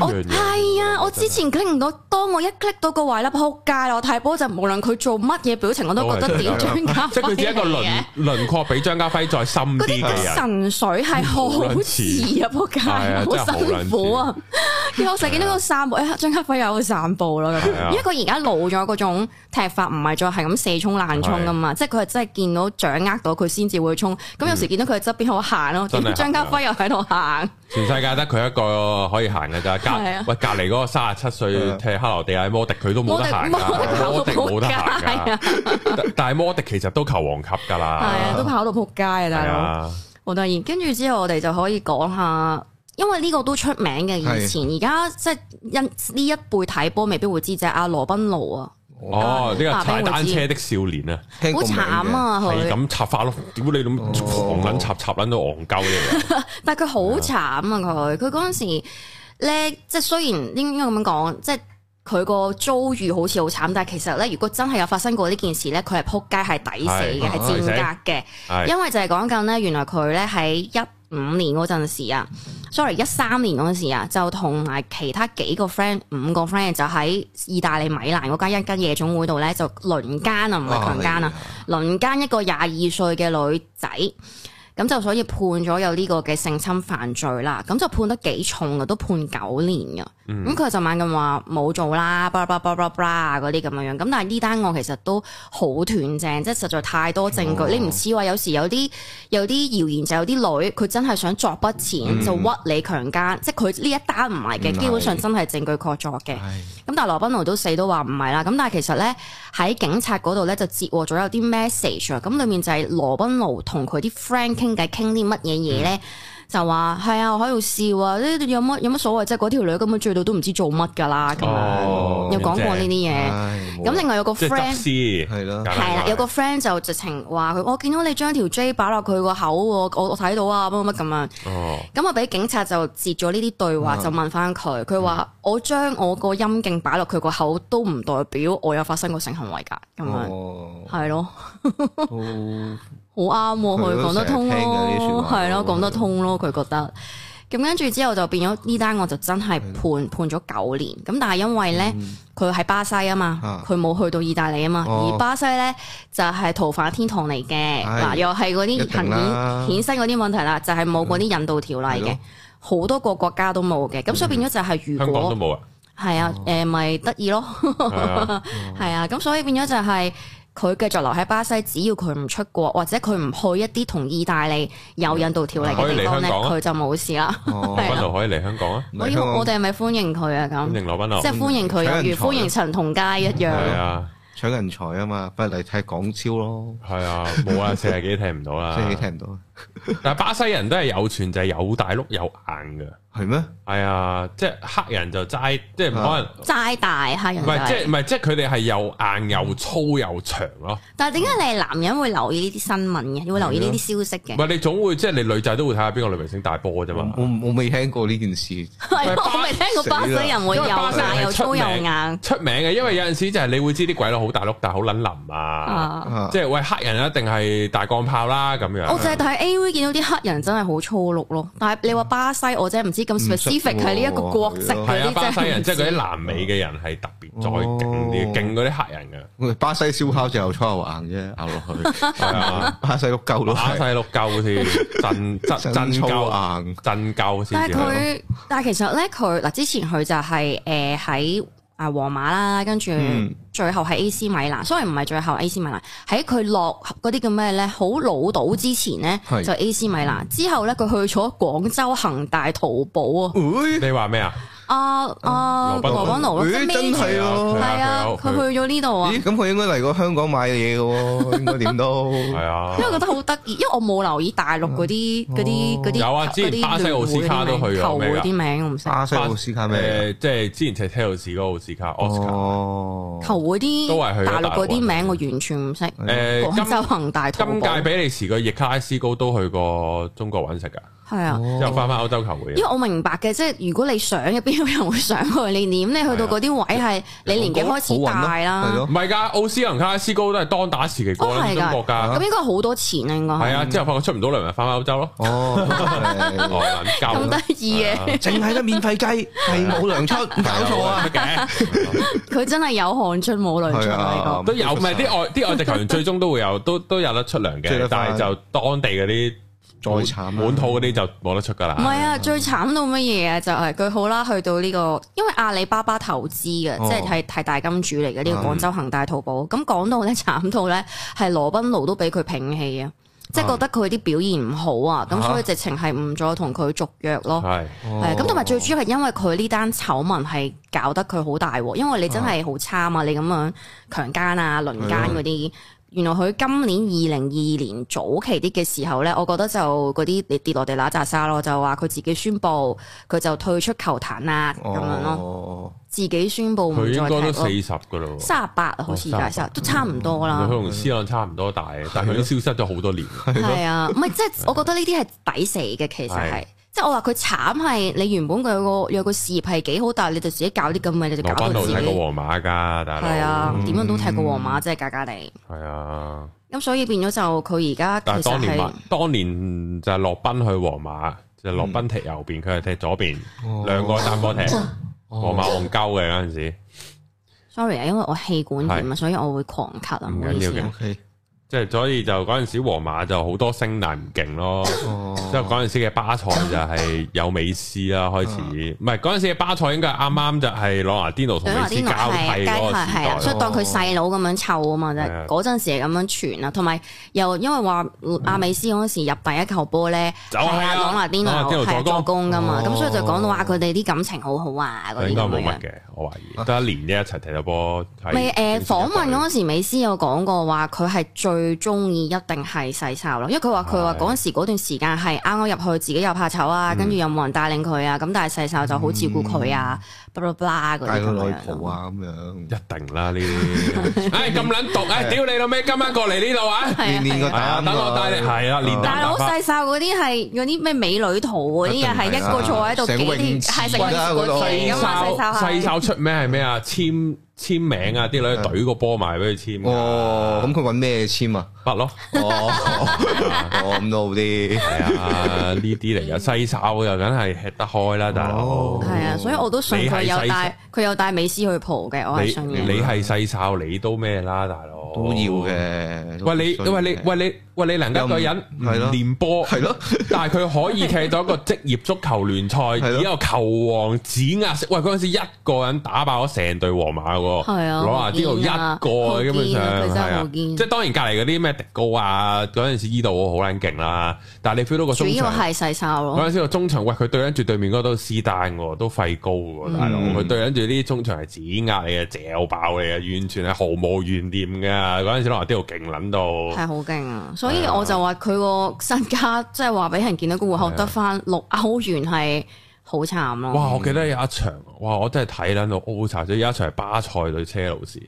Speaker 1: 我係
Speaker 2: 啊！我之前傾到，當我一 click 到個壞粒撲街，我睇波就無論佢做乜嘢表情，我都覺得點張家輝，即係佢只一
Speaker 1: 個輪廓比張家輝再深，嗰啲神
Speaker 2: 水係好似啊撲街，好辛苦啊！因為我成日見到個散步，張家輝又去散步咯，因為佢而家老咗嗰種。踢法唔係再係咁四衝爛衝噶嘛，即係佢係真係見到掌握到佢先至會衝。咁有時見到佢喺側邊好行咯，張家輝又喺度行。
Speaker 1: 全世界得佢一個可以行嘅咋？隔喂隔籬嗰個三十七歲踢克羅地亞摩迪，佢都冇得行，摩迪冇得行。但係摩迪其實都球王級噶啦，係啊，都跑
Speaker 2: 到扑街啊大佬。好得意。跟住之後我哋就可以講下，因為呢個都出名嘅。以前而家即係因呢一輩睇波未必會知啫。阿羅賓奴啊。哦，呢個踩單車的
Speaker 1: 少年啊，好慘啊！佢係咁插花咯，屌你咁狂捻插、哦、插捻到戇鳩呢？ 但
Speaker 2: 係佢好慘啊！佢佢嗰陣時咧，即係雖然應該咁樣講，即係。佢個遭遇好似好慘，但係其實咧，如果真係有發生過呢件事咧，佢係撲街係抵死嘅，係賤格嘅。的的因為就係講緊咧，原來佢咧喺一五年嗰陣時啊的，sorry 一三年嗰陣時啊，就同埋其他幾個 friend、五個 friend 就喺意大利米蘭嗰間一間夜總會度咧，就輪奸啊，唔係強奸啊，oh, 輪奸 you. 一個廿二歲嘅女仔。咁就所以判咗有呢個嘅性侵犯罪啦，咁就判得幾重啊，都判九年嘅。咁佢、嗯、就猛咁話冇做啦，巴拉巴拉巴拉啊啲咁樣樣，咁但係呢單案其實都好斷正，即係實在太多證據，哦、你唔似話有時有啲有啲謠言就有啲女佢真係想作筆錢、嗯、就屈你強奸，即係佢呢一單唔係嘅，是基本上真係證據確鑿嘅。咁是但係羅賓奴都死都話唔係啦。咁但係其實咧喺警察度咧就截獲咗有啲 message，咁裏面就係羅賓奴同佢啲 friend 傾偈傾啲乜嘢嘢咧？就話係啊，我喺度笑啊！有乜有乜所謂？即係嗰條女根本醉到都唔知做乜噶啦咁樣，
Speaker 1: 又講過呢啲嘢。咁唉另外有個 friend 係咯，係啦然，
Speaker 2: 有個 friend 就直情話佢，我見到你將條 J 擺落佢個口，我我睇到啊乜乜乜咁樣。咁啊，俾、哦、警察就截咗呢啲對話，嗯、就問翻佢。佢話、嗯、我將我個陰莖擺落佢個口，都唔代表我有發生過性行為噶。咁樣係、嗯哦、對咯。 哦好啱喎，佢講得通咯，係咯，講得通咯，佢覺得。咁跟住之後就變咗呢單案就真係判判咗九年。咁但係因為咧，佢喺巴西啊嘛，佢冇去到意大利啊嘛，而巴西咧就係逃犯天堂嚟嘅嗱，又係嗰啲衍生嗰啲問題啦，就係冇嗰啲引渡條例嘅，好多個國家都冇嘅。咁所以變咗就係，如果香港都冇啊，係啊，誒咪得意咯，係啊，咁所以變咗就係。佢繼續留喺巴西，只要佢唔出國或者佢唔去一啲同意大利有引渡條例嘅地方咧，佢就冇事啦。
Speaker 1: 羅賓奴可以嚟香港啊！我哋係
Speaker 2: 咪歡迎佢啊？咁即係歡迎佢，如歡迎陳同佳一樣。係啊，
Speaker 3: 搶人才啊嘛，不如嚟睇港超咯。係
Speaker 1: 啊，冇啊，四十幾睇唔到啦。四十幾睇唔到。但係巴西人都係有傳就係有大碌有硬嘅。係咩？係啊，即係黑人就齋，即係唔可能
Speaker 2: 齋大黑人。唔係即係唔
Speaker 1: 係即係佢哋係又硬又粗又長咯。
Speaker 2: 但係點解你係男人會留意呢啲新聞嘅？你會留意呢啲消息嘅？唔係
Speaker 1: 你總會即係你女仔都會睇下邊個女明星大波嘅啫嘛。我我未聽過呢件事。我
Speaker 2: 未聽過巴西人會有大又粗又硬。
Speaker 1: 出名嘅，因為有陣時就係你會知啲鬼佬好大碌，但係好撚腍啊。即係喂，黑人一定係大鋼炮啦咁樣。我就係
Speaker 2: 睇 A V 見到啲黑人真係好粗碌咯。但係你話巴西，我真係唔知。咁 specific 係呢一個角色嗰啲，
Speaker 1: 即係巴西人，即係嗰啲南美嘅人係特
Speaker 3: 別再勁啲。哦、勁嗰啲客人嘅。巴西燒烤就有初硬啫，咬落去，係
Speaker 1: 啊、 哎呀，巴西碌鳩咯，巴西碌鳩添，真真真鳩硬，真鳩先。 但係他佢，
Speaker 2: 但係其實咧，佢嗱之前佢就係誒喺。呃啊，皇馬啦，跟住最後係 A.C. 米蘭，雖然唔係最後 A.C. 米蘭，喺佢落嗰啲叫咩咧？好老倒之前咧是就 A.C. 米蘭，之後咧佢去咗廣州恒大淘寶啊！欸、你話咩啊？啊啊，羅賓奴，真係啊，係啊，佢去咗呢度啊？咦，
Speaker 3: 咁佢應該嚟過香港買嘢嘅喎，應該點都
Speaker 1: 係啊？因為
Speaker 2: 覺得好得意，因為我冇留意大陸嗰啲嗰啲啲有啊，之前巴西奧斯卡都去咗咩？球會啲名我唔識。巴西奧斯卡咩？
Speaker 1: 即係之前踢車路士嗰個奧斯卡。哦，球
Speaker 2: 會啲都係去大陸嗰啲名，我完全唔識。誒，廣州恆大今屆比
Speaker 1: 利時個易卡伊斯高都去過中國搵食噶。係啊，之後翻翻歐洲球會。因為
Speaker 2: 我明白嘅，即係如果你想入邊有人會想你，你咁你去到嗰啲位係你年紀開始大啦。
Speaker 1: 唔係噶，奧斯倫卡斯高都係當打時期過嚟呢啲國家。咁應
Speaker 2: 該好多錢啦，應該。係啊，之後
Speaker 1: 發覺出唔到糧，咪翻翻歐洲咯。
Speaker 2: 哦，咁得意嘅，淨係得免費雞，係冇糧出，冇錯啊。佢真係有汗出冇糧出嘅。
Speaker 1: 都有，唔係啲外啲外籍球員最終都會有，都都有得出糧嘅，但係就當地嗰啲。再慘，滿套嗰啲就冇得出噶啦。唔係啊，
Speaker 2: 最慘到乜嘢啊？就係、是、佢好啦，去到呢、這個，因為阿里巴巴投資嘅，哦、即係係太大金主嚟嘅呢個廣州恒大淘寶。咁講、嗯、到咧，慘到咧，係羅賓奴都俾佢摒棄啊！即係覺得佢啲表現唔好啊，咁所以直情係唔再同佢續約咯。係、啊，係咁同埋最主要係因為佢呢單醜聞係搞得佢好大鑊。因為你真係好差啊，你咁樣強姦啊、輪姦嗰啲。嗯原來佢今年二零二二年早期啲嘅時候咧，我覺得就嗰啲你跌落地拿扎沙咯，就話佢自己宣布佢就退出球壇啦，咁、哦、樣咯，自己宣布唔再踢咯。佢應該都四十噶啦，卅八好似大少，哦、300，都差唔多啦。佢同、嗯、
Speaker 1: 思朗差唔多大，啊、但係佢消失咗好多年。係啊，
Speaker 2: 唔係、啊、 即係，我覺得呢啲係抵死嘅，其實係。即係我話佢慘係，你原本佢有個有個事業係幾好，但係你就自己搞啲咁嘅，你就搞到自己。羅賓都睇過皇
Speaker 1: 馬噶，大佬。係啊，
Speaker 2: 點、嗯、樣都睇過皇馬，即係假假地。係啊。咁所以變咗就佢而家其實係。但係當年，
Speaker 1: 當年就係羅賓去皇馬，就係羅賓踢右邊，佢係、嗯、踢左邊，兩、哦、個單波踢皇、哦、馬戇鳩嘅嗰陣時。
Speaker 2: Sorry 啊，因為我氣管炎啊，所以我會狂咳啊，唔緊要嘅。OK。
Speaker 1: 即係所以就嗰陣時皇馬就好多星難唔勁咯，即係嗰陣時嘅巴塞就係有美斯啦開始，唔係嗰陣時嘅巴塞應該係啱啱就係朗拿甸奴同美斯交替嗰個時代係、哦、所以當佢細
Speaker 2: 佬咁樣湊啊嘛啫，嗰、就、陣、是、時係咁樣傳啊，同埋又因為話阿美斯嗰陣時入第一球波咧，就係講朗拿甸奴係助攻噶嘛，咁、哦、所以就講到話佢哋啲感情好好啊嗰啲冇乜
Speaker 1: 嘅，我懷疑得、啊、一年啲一齊踢到波，咪誒、呃、訪
Speaker 2: 問嗰陣時美斯有講過話佢係最最中意一定係細哨咯，因為佢話佢話嗰陣時嗰段時間係啱啱入去，自己又怕醜啊，跟住又冇人帶領佢啊，咁但係細哨就好照顧佢啊，巴拉巴拉嗰啲咁樣。帶個女啊，咁
Speaker 1: 樣一定啦呢！啲唉，咁撚毒啊，屌你老味，今晚過嚟呢度啊！年年個大佬帶領，係啦，大佬細
Speaker 2: 哨嗰啲係嗰啲咩美女圖嗰啲啊，係一個坐喺度，係成日嗰啲啊嘛。細哨
Speaker 1: 出咩係咩啊？簽簽名啊！啲女懟個波埋俾佢簽，啊。哦，咁佢揾咩簽啊？筆，啊、咯。哦，咁都好啲。係啊，呢啲嚟啊，西炒又梗係吃得開啦，哦，大佬。係
Speaker 2: 啊，所以我都信佢有帶，佢有帶美斯去蒲嘅，我係信嘅。你係
Speaker 1: 西炒，你都咩啦，大佬？都要嘅。喂你，喂你，喂你，喂你，能夠一個人唔練波，係咯。但係佢可以踢到一個職業足球聯賽，然後球王指壓。喂，嗰陣時一個人打爆咗成隊皇馬喎。係啊，攞阿呢度一個，基本上即係當然隔籬嗰啲咩迪高啊，嗰陣時呢度好撚勁啦。但係你 feel 到個主要係
Speaker 2: 細哨咯。嗰陣時個
Speaker 1: 中場喂，佢對緊住對面嗰度是但嘅，都費高喎。大佬，佢對緊住呢啲中場係指壓你嘅，嚼爆你嘅，完全係毫無懸念嘅。嗰陣、啊、時我話度勁捻到，係
Speaker 2: 好勁啊！所以我就話佢個身家，即係話俾人見到個戶口得翻六歐元，係好慘啊。哇、啊啊！我記得有一場，
Speaker 1: 哇！我真係睇捻到歐查水，有一場係巴塞對車路士，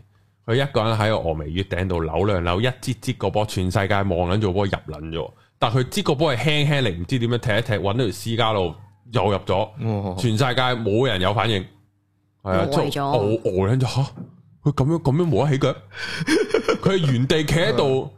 Speaker 1: 佢一個人喺個峨眉月頂度扭兩扭，一接接個波，全世界望捻住波入捻咗。但係佢接個波係輕輕嚟，唔知點樣踢一踢，搵到條私家路又入咗，哇全世界冇人有反應，係了啊，餓、啊、咗，餓餓捻咗，佢咁樣咁樣冇得起腳。 佢係原地企喺度，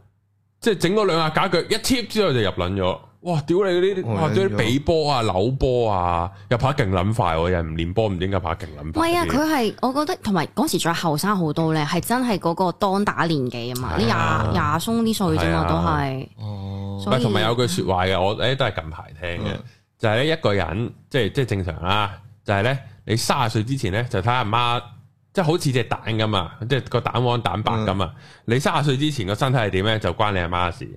Speaker 1: 即係整咗兩下假腳一貼之後就入捻咗。哇！屌你嗰啲哇，仲有啲俾波啊、扭波啊，又拍得勁捻快喎！又唔練波唔應該拍得勁捻快。係啊，佢
Speaker 2: 係我覺得同埋嗰時再後生好多咧，係真係嗰個當打年紀啊嘛，你廿廿鬆啲歲啫嘛、哎，都係。哦、啊，同埋有句
Speaker 1: 説話嘅，我誒都係近排聽嘅，就係咧一個人即係即係正常啊，就係、是、咧你卅歲之前咧就睇阿媽，媽。即係好似隻蛋咁啊！即係個蛋黃蛋白咁啊！嗯、你三十歲之前個身體係點咧？就關你阿媽，媽事。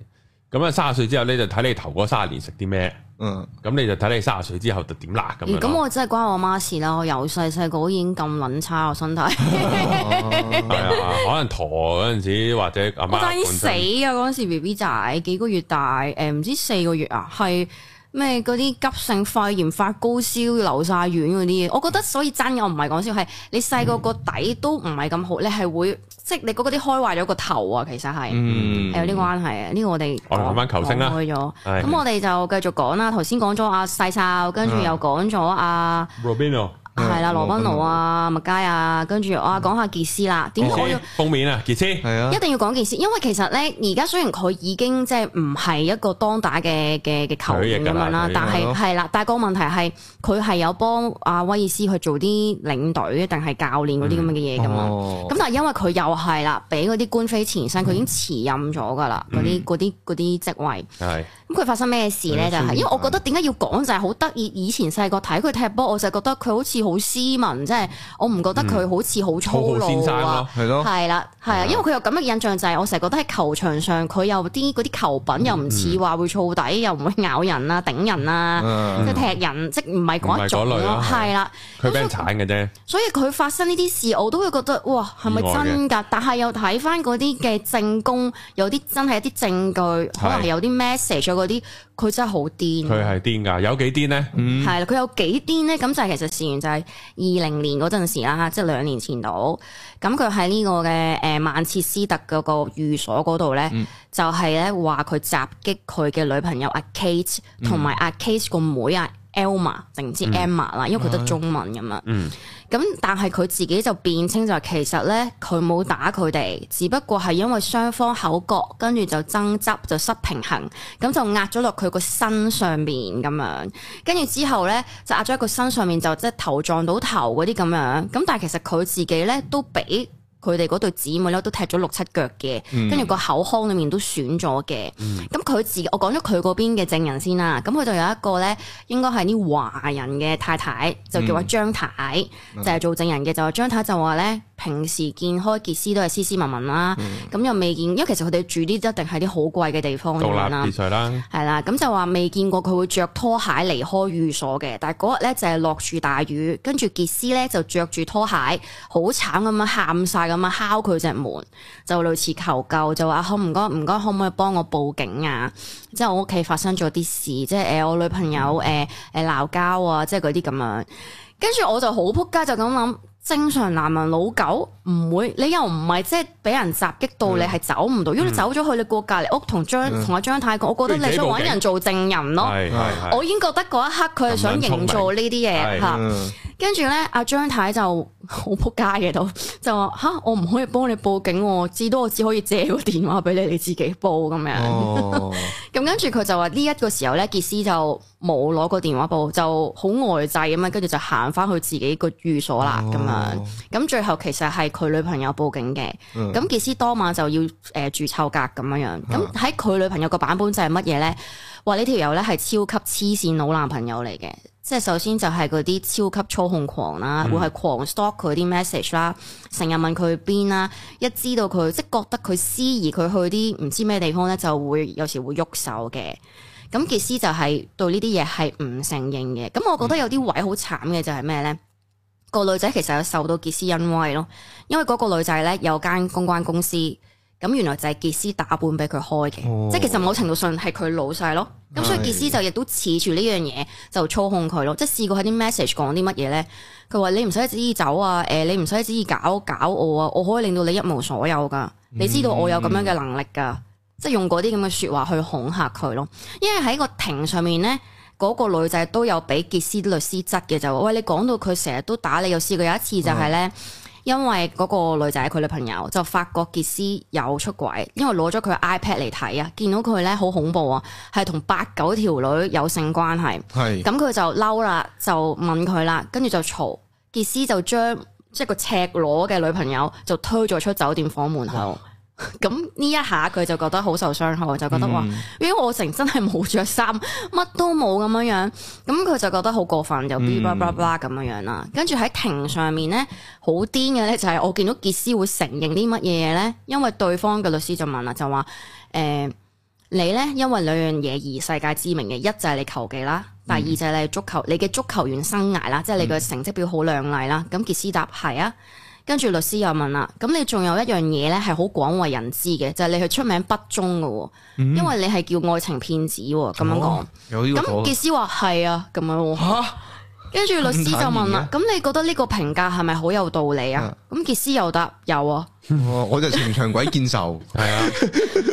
Speaker 1: 咁啊，三十歲之後咧就睇你頭嗰三十年食啲咩。嗯，咁你就睇你三十歲之後就點啦咁。咦、嗯？咁樣、
Speaker 2: 欸、我真係關我阿媽，媽事啦！我由細細個已經咁撚差我身體。
Speaker 1: 可能陀嗰陣時或者阿媽，媽本身。真死啊！
Speaker 2: 嗰陣時 B B 仔幾個月大，誒、呃、唔知四個月啊，係。咩嗰啲急性肺炎、發高燒、流晒懸嗰啲嘢，我覺得所以真嘅，我唔係講笑，係你細個個底都唔係咁好，你係會即係你嗰啲開壞咗個頭啊，其實係，係、嗯、有啲關係啊。呢、呢個我哋我哋講翻
Speaker 1: 球星啦，咁我
Speaker 2: 哋就繼續講啦。頭先的講咗阿、啊、細哨，跟住又講咗阿、啊。嗯係啦、嗯，羅賓奴啊，麥佳啊，跟住我講下傑斯啦。點解我要
Speaker 1: 封面啊？傑斯，係啊，一定
Speaker 2: 要講傑斯，因為其實咧，而家雖然佢已經即係唔係一個當打嘅嘅嘅球員咁樣啦，但係係啦，但係個問題係佢係有幫阿威爾斯去做啲領隊定係教練嗰啲咁嘅嘢噶嘛。咁、嗯哦、但係因為佢又係啦，俾嗰啲官非纏身，佢已經辭任咗噶啦，嗰啲啲啲職位。係、嗯。嗯嗯嗯嗯嗯咁佢發生咩事咧？就係，因為我覺得點解要講就係好得意。以前細個睇佢踢波，我就覺得佢好似好斯文，即係我唔覺得佢好似好粗魯係咯，係啦，係啊，因為佢有咁嘅印象就係，我成日覺得喺球場上佢有啲嗰啲球品又唔似話會躁底，又唔會咬人啊、頂人啊、即踢人，即唔係嗰一種咯。係啦，
Speaker 1: 佢都係鏟嘅啫。
Speaker 2: 所以佢發生呢啲事，我都會覺得哇，係咪真㗎？但係又睇翻嗰啲嘅證供，有啲真係一啲證據，可能係有啲 message。啲佢真係好癲，佢
Speaker 1: 係癲噶，有幾癲咧？係、
Speaker 2: 嗯、啦，佢有幾癲呢？咁就係其實事緣就係二零年嗰陣時啦，即、就、係、是、兩年前度。咁佢喺呢個嘅誒、呃、曼徹斯特嗰個寓所嗰度呢，嗯、就係咧話佢襲擊佢嘅女朋友阿 Kate 同埋阿 Kate 個妹阿 Elma 定唔知 Emma 啦、嗯，因為佢得中文咁啊。嗯嗯咁但係佢自己就辯稱就其實咧佢冇打佢哋，只不過係因為雙方口角，跟住就爭執就失平衡，咁就壓咗落佢個身上面咁樣，跟住之後咧就壓咗喺個身上面就即係頭撞到頭嗰啲咁樣。咁但係其實佢自己咧都俾。佢哋嗰對姊妹咧都踢咗六七腳嘅，跟住、嗯、個口腔裡面都損咗嘅。咁佢、嗯、自己我講咗佢嗰邊嘅證人先啦。咁佢就有一個咧，應該係啲華人嘅太太，就叫阿張太，嗯、就係做證人嘅。就話張太就話咧，平時見開傑斯都係斯斯文文啦，咁、嗯、又未見，因為其實佢哋住啲一定係啲好貴嘅地方。獨立別墅啦，係啦。咁就話未見過佢會着拖鞋離開寓所嘅，但係嗰日咧就係落住大雨，跟住傑斯咧就着住拖鞋，好慘咁樣喊晒。咁啊敲佢隻門，就類似求救，就話可唔該唔該，可唔可以幫我報警啊？即係我屋企發生咗啲事，即係誒我女朋友誒誒鬧交啊，即係嗰啲咁樣。跟住我就好仆街，就咁諗。正常男人老狗唔會，你又唔係即係俾人襲擊到你係走唔到，嗯、如果你走咗去你過隔離屋同張同阿張太講，我覺得你想揾人做證人咯。我已經覺得嗰一刻佢係想營造呢啲嘢嚇。嗯嗯嗯嗯、跟住咧，阿張太就好仆街嘅都，就話嚇，我唔可以幫你報警，哦，至多我只可以借個電話俾你，你自己報咁樣。咁、哦、 跟住佢就話呢一個時候咧，傑斯就。就冇攞個電話簿，就好呆滯咁啊！跟住就行翻去自己個寓所啦咁樣。咁、oh. 最後其實係佢女朋友報警嘅。咁傑斯當晚就要誒住臭格咁樣。咁喺佢女朋友個版本就係乜嘢呢？話呢條友咧係超級黐線老男朋友嚟嘅。即係首先就係嗰啲超級操控狂啦，mm. 會係狂 stalk 佢啲 message 啦，成日問佢去邊啦。一知道佢即係覺得佢私議佢去啲唔知咩地方呢，就會有時會喐手嘅。咁傑斯就係對呢啲嘢係唔承認嘅。咁我覺得有啲位好慘嘅就係咩呢？嗯、個女仔其實有受到傑斯恩威咯，因為嗰個女仔呢，有間公關公司，咁原來就係傑斯打本俾佢開嘅，哦、即係其實某程度上係佢老細咯。咁、嗯、所以傑斯就亦都恃住呢樣嘢就操控佢咯，即係試過喺啲 message 講啲乜嘢呢？佢話你唔使旨意走啊，誒、呃、你唔使旨意搞搞我啊，我可以令到你一無所有噶，你知道我有咁樣嘅能力噶。嗯嗯即係用嗰啲咁嘅説話去恐嚇佢咯，因為喺個庭上面呢，嗰個女仔都有俾傑斯律師質嘅，就話：喂，你講到佢成日都打你，又試過有一次就係呢，因為嗰個女仔佢女朋友就發覺傑斯有出軌，因為攞咗佢 iPad 嚟睇啊，見到佢呢好恐怖啊，係同八九條女有性關係，係咁佢就嬲啦，就問佢啦，跟住就嘈，傑斯就將即係個赤裸嘅女朋友就推咗出酒店房門口。咁呢一下佢就覺得好受傷害，就覺得話，因為我成真係冇着衫，乜都冇咁樣樣，咁佢就覺得好過分，就嗶啦叭叭咁樣樣啦。跟住喺庭上面呢，好癲嘅呢，就係我見到傑斯會承認啲乜嘢嘢呢，因為對方嘅律師就問啦，就話，誒，你呢，因為兩樣嘢而世界知名嘅，一就係你球技啦，第二就係你足球，你嘅足球員生涯啦，即係你嘅成績表好亮麗啦。咁傑斯答係啊。跟住律師又問啦，咁你仲有一樣嘢咧，係好廣為人知嘅，就係、是、你去出名不忠嘅，嗯、因為你係叫愛情騙子咁、哦嗯哦、樣講。
Speaker 3: 咁杰斯話
Speaker 2: 係啊，咁樣吓。跟住律師就問啦，咁、啊、你覺得呢個評價係咪好有道理啊？咁杰斯又答有啊。
Speaker 3: 我就情長鬼見愁，係啊，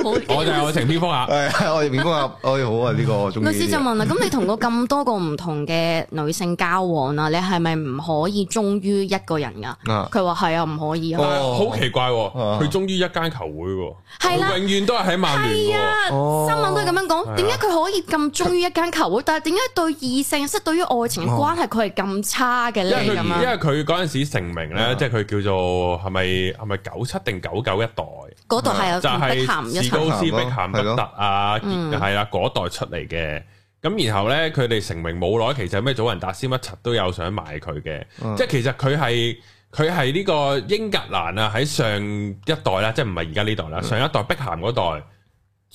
Speaker 3: 我就係愛情蝙蝠俠，係係我成蝙蝠俠，哎好啊呢個。律師就問
Speaker 2: 啦，咁你同過咁多個唔同嘅女性交往啊，你係咪唔可以忠於一個人噶？佢話係啊，唔可以啊。好奇怪，
Speaker 1: 佢忠於一間球會嘅，係永遠都係喺曼聯。新聞都係咁樣講，點解佢
Speaker 2: 可以咁忠於一間球會？但係點解對異性，即係對於愛情嘅關係，佢係咁差嘅咧？因
Speaker 1: 為佢嗰陣時成名咧，即係佢叫做係咪係咪九？七定九九一代，嗰代係有。就係史高斯碧咸不特啊，係啦嗰代出嚟嘅。咁然後咧，佢哋成名冇耐，其實咩祖雲達斯乜柒都有想買佢嘅。即係其實佢係佢係呢個英格蘭啊，喺上一代啦，即係唔係而家呢代啦，上一代碧咸嗰代，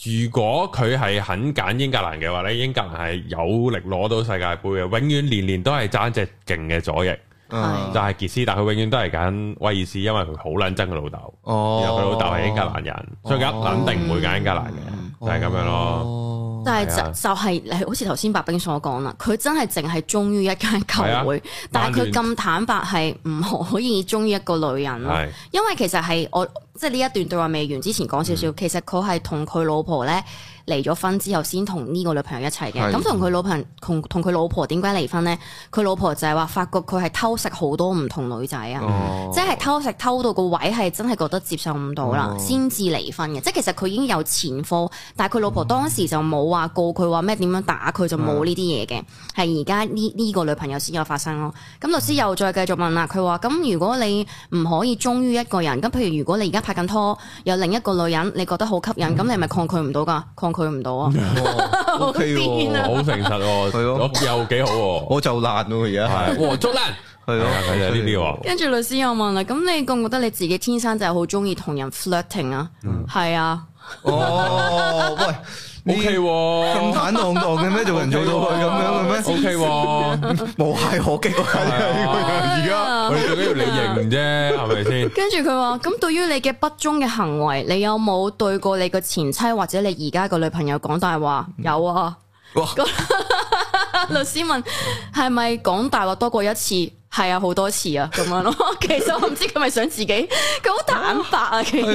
Speaker 1: 如果佢係肯揀英格蘭嘅話咧，英格蘭係有力攞到世界杯嘅，永遠年年都係爭隻勁嘅左翼。係，就係傑斯，但佢永遠都係揀威爾斯，因為佢好撚憎佢老豆，哦、然後佢老豆係英格蘭人，哦、所以佢肯定唔會揀英格蘭嘅，嗯、就係咁樣咯。
Speaker 2: 但係就、啊、就係好似頭先白冰所講啦，佢真係淨係忠於一間球會，啊、但係佢咁坦白係唔可以忠於一個女人，嗯啊、因為其實係我即係呢一段對話未完之前講少，少少，其實佢係同佢老婆咧。離咗婚之後先同呢個女朋友一齊嘅，咁同佢老婆同同佢老婆點解離婚呢？佢老婆就係話，發覺佢係偷食好多唔同女仔啊，哦、即係偷食偷到個位係真係覺得接受唔到啦，先至、哦、離婚嘅。即係其實佢已經有前科，但係佢老婆當時就冇話告佢話咩點樣打佢，就冇呢啲嘢嘅。係而家呢呢個女朋友先有發生咯。咁律師又再繼續問啦，佢話：咁如果你唔可以忠於一個人，咁譬如如果你而家拍緊拖，有另一個女人你覺得好吸引，咁你係咪抗拒唔到噶？抗去唔到啊！O K， 好
Speaker 1: 誠、啊、 實，係咯，又幾好。我就
Speaker 3: 爛咯，而家係，我捉爛，係咯，係就呢啲喎。
Speaker 2: 跟住律師又問啦，咁你覺唔覺得你自己天生就係好中意同人 flirting 啊？係 對啊。 哦，喂。
Speaker 3: O K，咁坦蕩蕩嘅咩？做人做到佢咁樣嘅咩？O K，
Speaker 1: 無懈可擊。 而家佢最緊要你型啫，係咪先？
Speaker 2: 跟住佢話：咁對於你嘅不忠嘅行為，你有冇對過你個前妻或者你而家個女朋友講大話？有啊、嗯。 哇。」 律師問：係咪講大話多過一次？係啊，好多次啊，咁樣咯。 其實我唔知佢咪想自己，佢好坦白啊。啊其實係、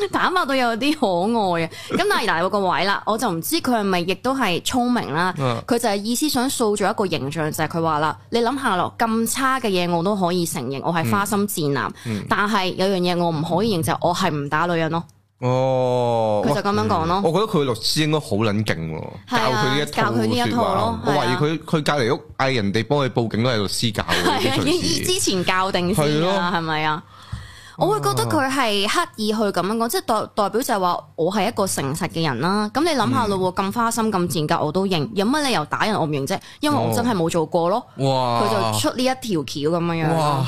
Speaker 2: 就、坦、是、白到有啲可愛啊。咁 但係嗱，我個位啦，我就唔知佢係咪亦都係聰明啦、啊。佢、啊、就係意思想塑造一個形象，就係佢話啦：你諗下咯，咁差嘅嘢我都可以承認，我係花心賤男。嗯嗯、但係有樣嘢我唔可以認就係、是、我係唔打女人咯。
Speaker 3: 哦，佢就咁樣講咯。我覺得佢律師應該好撚勁，教佢呢一教佢呢一套咯。我懷疑佢佢隔籬屋嗌人哋幫佢報警都係律師教。係之
Speaker 2: 前教定先啦，係咪啊？我會覺得佢係刻意去咁樣講，即係代代表就係話我係一個誠實嘅人啦。咁你諗下啦，咁花心咁賤格我都認，有乜理由打人我唔認啫？因為我真係冇做過咯。
Speaker 3: 哇！佢就出
Speaker 2: 呢一條橋咁樣。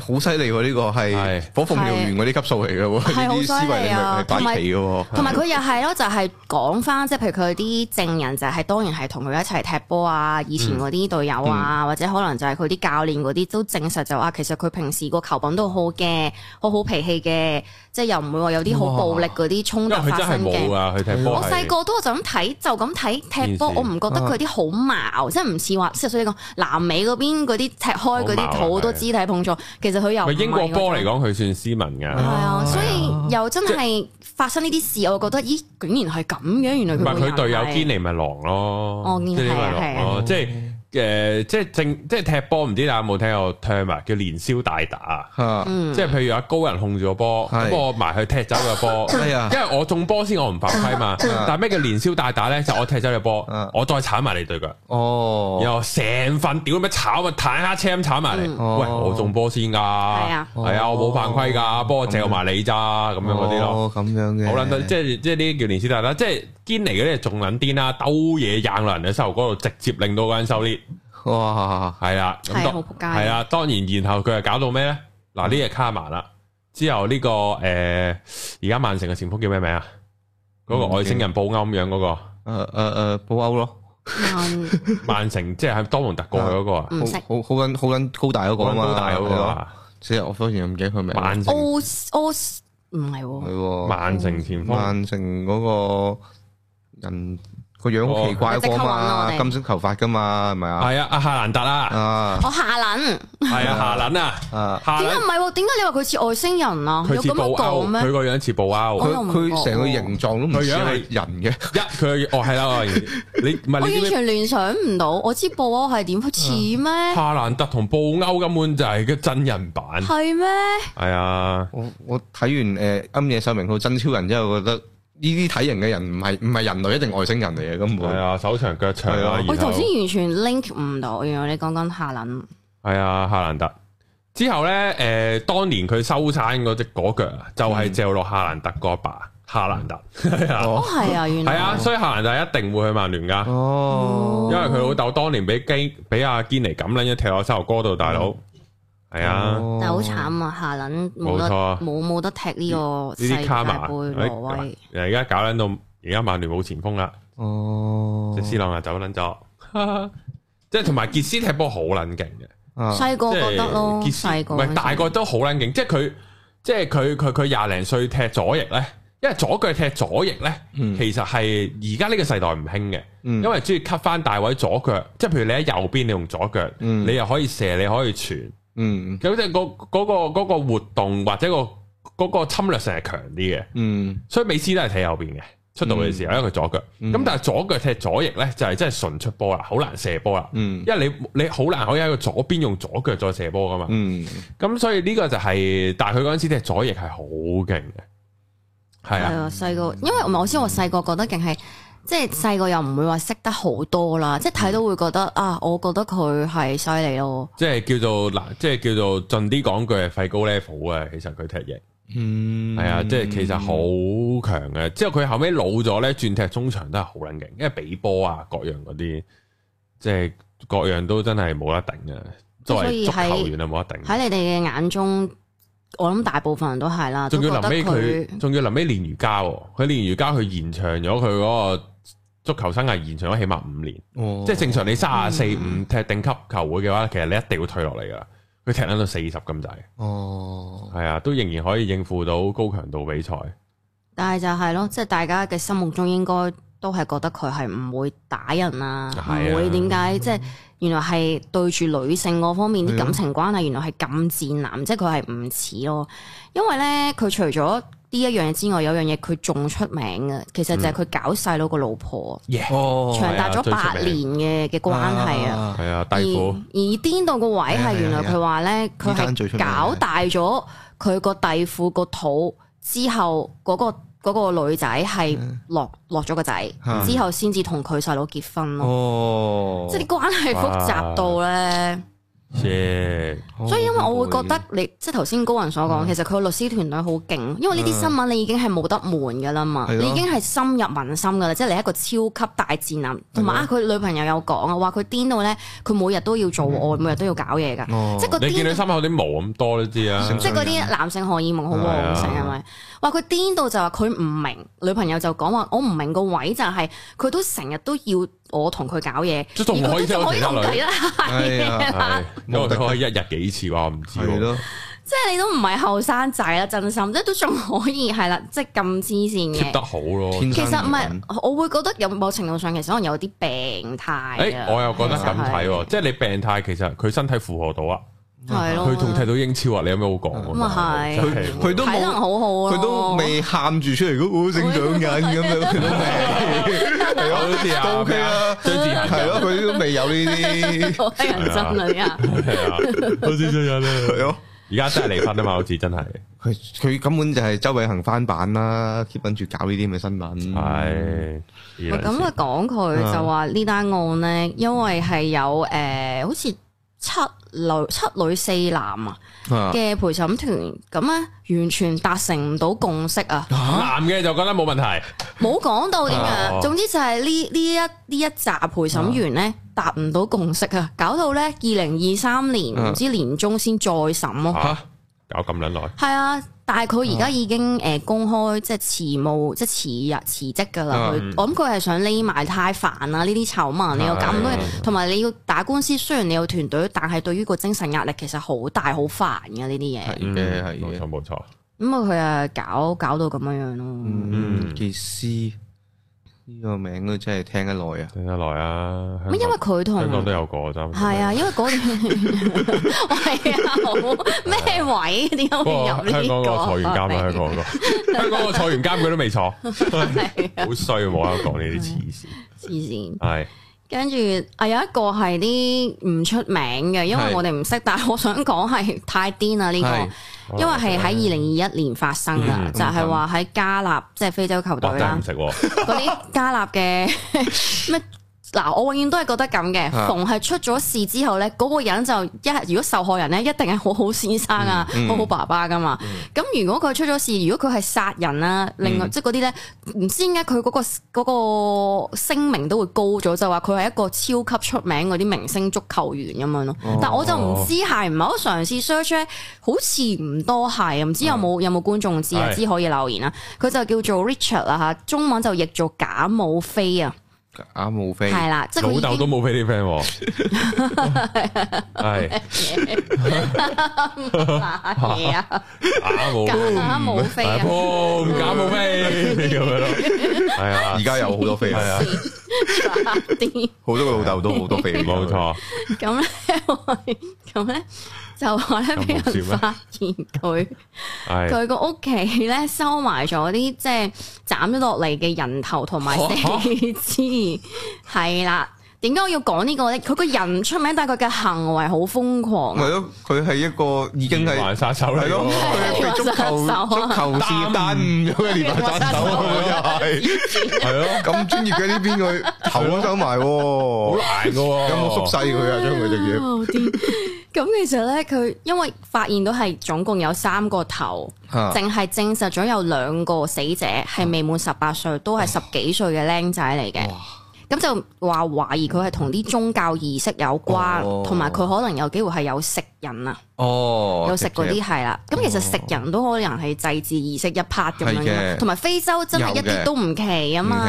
Speaker 3: 好犀利喎！呢個係火鳳燎原嗰啲級數嚟嘅喎，啲是思維係擺奇嘅同埋佢
Speaker 2: 又係咯，是就係講翻即係譬如佢啲證人就係、是、當然係同佢一齊踢波啊，以前嗰啲隊友啊，嗯、或者可能就係佢啲教練嗰啲都證實就話，其實佢平時個球品都好嘅，好好脾氣嘅，即係又唔會話有啲好暴力嗰啲衝突發生嘅。我細個都就咁睇，就咁睇踢波，時我唔覺得佢啲好茅，啊、即係唔似話即係所以講南美嗰邊嗰啲踢開嗰啲好多肢體碰撞，其實佢又，英國波嚟
Speaker 1: 講，佢算斯文㗎。係
Speaker 2: 啊，所以又真係發生呢啲事，我覺得，咦，竟然係咁樣，原來佢。唔係佢隊友堅尼
Speaker 1: 咪狼咯，即係。誒，即係正，即係踢波唔知大家有冇聽過 term 啊？叫連消大打，即係譬如阿高人控住個波，咁我埋去踢走個波，因為我中波先，我唔犯規嘛。但係咩叫連消大打咧？就我踢走個波，我再鏟埋你對腳。哦，然後成份屌咁樣炒啊，坦克車咁鏟埋嚟。喂，我中波先噶，係啊，係啊，我冇犯規噶，不過借埋你咋？咁樣嗰啲咯，咁樣嘅，好卵多。即係即係呢啲叫連消大打。即係堅嚟嗰啲係仲卵癲啦，兜嘢硬落人嘅手嗰度，直接令到個人收裂。哇，係啦，係啊，當然，然後佢又搞到咩咧？嗱，呢隻卡埋啦，之後呢個誒，而家曼城嘅前鋒叫咩名啊？嗰個外星人布歐咁樣嗰個，誒誒誒，布歐咯，曼曼城即係喺多
Speaker 3: 蒙特過去嗰個啊，好好奀好奀高大嗰個高大嗰個，即係我忽然又唔記得佢名，曼
Speaker 2: 城奧唔係，係
Speaker 3: 曼城前鋒，曼城嗰個人。個樣好奇怪個嘛，金色頭髮噶嘛，係咪啊？係啊，
Speaker 1: 阿夏蘭特啊，我夏蘭，係啊，夏蘭啊，點
Speaker 2: 解唔係？點解你話佢似外星人啊？佢似布歐咩？佢
Speaker 1: 個樣似布歐，佢佢成個形狀都唔似係人嘅。一佢哦係啦，你我完全
Speaker 2: 聯想唔到，我知布歐係點似咩？夏
Speaker 1: 蘭特同布歐根本就係個真人版，係
Speaker 2: 咩？
Speaker 3: 係啊，我我睇完誒《暗夜秀明號》真超人之後覺得。呢啲體型嘅人
Speaker 1: 唔係唔係人類，一定外星人嚟嘅咁。係啊，手長腳長啊。後我頭先
Speaker 2: 完全 link 唔到，原來你講緊夏蘭。
Speaker 1: 係啊，夏蘭特。之後咧，誒、呃，當年佢收山嗰隻嗰腳啊，就係掉落夏蘭特個阿爸夏蘭特。哦，係
Speaker 2: 哦、啊，原係啊，
Speaker 1: 所以夏蘭特一定會去曼聯噶。哦，哦因為佢老豆當年俾堅俾阿堅尼咁捻樣踢落西游哥度，大佬。嗯係啊，但係好慘
Speaker 2: 啊，下輪冇得冇冇得踢呢個世界盃挪威。誒，
Speaker 1: 而家搞撚到，而家曼聯冇前鋒啦。哦，即係斯朗啊，走撚咗，即係同埋傑斯踢波好撚勁嘅。細個覺得咯，傑斯，細個，唔係大個都好撚勁。即係佢，即係佢，佢佢廿零歲踢左翼咧，因為左腳踢左翼咧，其實係而家呢個世代唔興嘅。因為中意 cut 翻大位左腳，即係譬如你喺右邊，你用左腳，你又可以射，你可以傳。嗯，咁即係嗰嗰個個活動或者個個侵略性係強啲嘅，嗯，所以美斯都係睇後邊嘅出道嘅時候，因為佢左腳，咁但係左腳踢左翼咧，就係真係純出波啦，好難射波啦，嗯，因為你你好難可以喺個左邊用左腳再射波噶嘛，嗯，咁所以呢個就係，但係佢嗰陣時踢左翼係好勁嘅，係啊，
Speaker 2: 細個，因為我先我細個覺得勁係。即係細個又唔會話識得好多啦，即係睇到會覺得、嗯、啊，我覺得佢係犀利咯。
Speaker 1: 即係叫做嗱，即係叫做盡啲講句係費高 level 嘅，其實佢踢翼，嗯，係啊，即係其實好強嘅。之後佢後尾老咗咧，轉踢中場都係好撚勁，因為比波啊各樣嗰啲，即係各樣都真係冇得頂嘅。作為足球員都冇得頂。喺你
Speaker 2: 哋嘅眼中，我諗大部分人都係啦。仲要臨尾佢，
Speaker 1: 仲要臨尾練瑜伽，佢練瑜伽佢延長咗佢嗰個。足球生涯延長咗起碼五年，哦、即係正常你三四五踢頂級球會嘅話，其實你一定要退落嚟噶啦。佢踢得到到四十咁滯，哦，係啊，都仍然可以應付到高強度比賽。
Speaker 2: 但係就係咯，即、就、係、係、大家嘅心目中應該都係覺得佢係唔會打人啊，唔、啊、會點解？即係、嗯、原來係對住女性嗰方面啲感情關係，原來係咁賤男，即係佢係唔似咯。因為呢，佢除咗呢一樣嘢之外，有樣嘢佢仲出名嘅，其實就係佢搞細佬個老婆
Speaker 1: ，Yeah 哦、長達咗八年
Speaker 2: 嘅嘅關係啊。
Speaker 1: 係啊，弟而
Speaker 2: 癲到個位係原來佢話呢，佢係搞大咗佢個弟婦個肚之後、嗰個，嗰個女仔係落落咗個仔，嗯、之後先至同佢細佬結婚咯。
Speaker 1: 哦、即係啲關係複雜到呢。Yeah. 所以因為我會覺得
Speaker 2: 你即係頭先高人所講，嗯、其實佢個律師團隊好勁，因為呢啲新聞你已經係冇得瞞噶啦嘛，嗯、你已經係深入民心噶啦，即係你一個超級大戰男，同埋啊佢女朋友有講啊，話佢癲到咧，佢每日都要做愛，我、嗯、每日都要搞嘢噶，嗯哦、即係你
Speaker 1: 見你心口啲毛咁多呢啲啊？即係嗰啲
Speaker 2: 男性荷爾蒙好旺盛係咪？哇、嗯！佢癲、嗯啊、到就話佢唔明，女朋友就講話我唔明個位就係佢都成日都要。我同佢搞嘢，即係仲可以同佢啦，係啊，因
Speaker 1: 為佢係一日幾次話唔知咯，
Speaker 2: 的 即係你都唔係後生仔啦，真心，即係都仲可以係啦，即係咁黐線嘅，keep 得好
Speaker 1: 咯，其實唔
Speaker 2: 係，我會覺得有某程度上其實可能有啲病態，誒、哎，我又覺得咁睇，
Speaker 1: 的即係你病態，其實佢身體負荷到啊。係咯，佢同睇到英超啊！你有咩好講？咁係，佢佢都睇得
Speaker 3: 好好，佢都未喊住出嚟嗰股成長眼。咁樣，係咯，都啲啊，OK 啦。係咯，佢
Speaker 1: 都未有呢啲，係啊，真啊，
Speaker 2: 係啊，
Speaker 1: 好似最近咧，係咯，而家真係離婚啊嘛，好似真係，
Speaker 3: 佢佢根本就係周偉恒翻版啦，keep 穩住搞呢啲咁嘅新聞，係，
Speaker 2: 咁佢講佢就話呢單案咧，因為係有誒，好似。七女七女四男啊嘅陪審團，咁咧完全達成唔到共識啊！啊
Speaker 1: 男嘅就覺得冇問題，
Speaker 2: 冇講到點樣，啊，啊，啊！總之就係呢呢一呢一集陪審員咧達唔到共識啊，搞到咧二零二三年唔知年終先再審咯。
Speaker 1: 啊啊，搞咁撚耐
Speaker 2: 係啊！但係佢而家已經誒公開即係辭務，即係辭日辭職㗎啦，嗯。我諗佢係想匿埋，太煩啦！呢啲醜聞，你又搞咁多嘢，同埋的你要打官司。雖然你有團隊，但係對於個精神壓力其實好大，好煩嘅呢啲嘢。
Speaker 3: 係係，冇錯冇
Speaker 2: 錯。咁啊，佢啊搞搞到咁樣樣咯。嗯，
Speaker 3: 結師。呢個名都真係聽得耐啊，聽得耐啊，啊！因為佢同香港都有過，真係
Speaker 2: 啊，因為嗰係啊，咩位、這個？點解會有？香港個坐完監， 香
Speaker 1: 港個香港個坐完監，佢都未坐，好衰啊！冇得講呢啲黐線，黐線係。經
Speaker 2: 跟住啊，有一個係啲唔出名嘅，因為我哋唔識，但係我想講係太癲啦呢個，因為係喺二零二一年發生啦，就係話喺加納，即係非洲球隊啦，嗰啲 加納嘅咩？ 嗱，answer, 我永遠都係覺得咁嘅。是逢係出咗事之後咧，嗰、那個人就一如果受害人咧，一定係好好先生啊，好好、mm hmm. 爸爸噶嘛。咁、mm hmm. 如果佢出咗事，如果佢係殺人啊，另外、mm hmm. 即係嗰啲咧，唔知點解佢嗰個嗰、那個聲明都會高咗，就話佢係一個超級出名嗰啲明星足球員咁樣咯。Oh oh. 但我就唔知係唔係，我嘗試 search 咧，好似唔多係啊，唔知有冇有冇、oh oh. 觀眾知啊？知可以留言啊。佢就叫做 Richard 啦嚇，中文就譯做賈母飛啊。啊啊。
Speaker 1: 啱冇飛，老豆都冇飛啲 friend，係，唔
Speaker 2: 買嘢
Speaker 1: 啊，啱冇，啱冇飛，唔敢冇飛，咁樣咯，係啊，而
Speaker 3: 家有好多飛啊，
Speaker 2: 好多個老豆都好多飛，冇錯，咁咧，咁咧。就話咧，俾人發現佢，佢個屋企咧收埋咗啲即係斬咗落嚟嘅人頭同埋四肢，係啦。點解我要講呢個咧？佢個人出名，但係佢嘅行為好瘋狂。
Speaker 3: 係咯，佢係一個已經係殺手嚟嘅，佢
Speaker 2: 係足手，
Speaker 3: 球事彈咁嘅連環殺手，又係係咯咁專業嘅呢？邊佢頭都收埋，好難噶，有冇縮細佢啊？將
Speaker 2: 佢直接。咁其實咧，佢因為發現到係總共有三個頭，淨係證實咗有兩個死者係未滿十八歲，都係十幾歲嘅僆仔嚟嘅。咁唉就話懷疑佢係同啲宗教儀式有關，同埋佢可能有機會係有食人啊。哦，有食嗰啲係啦。咁、哦、其實食人都可能係祭祀儀式一 part 咁樣，同埋非洲真係一啲都唔奇啊嘛。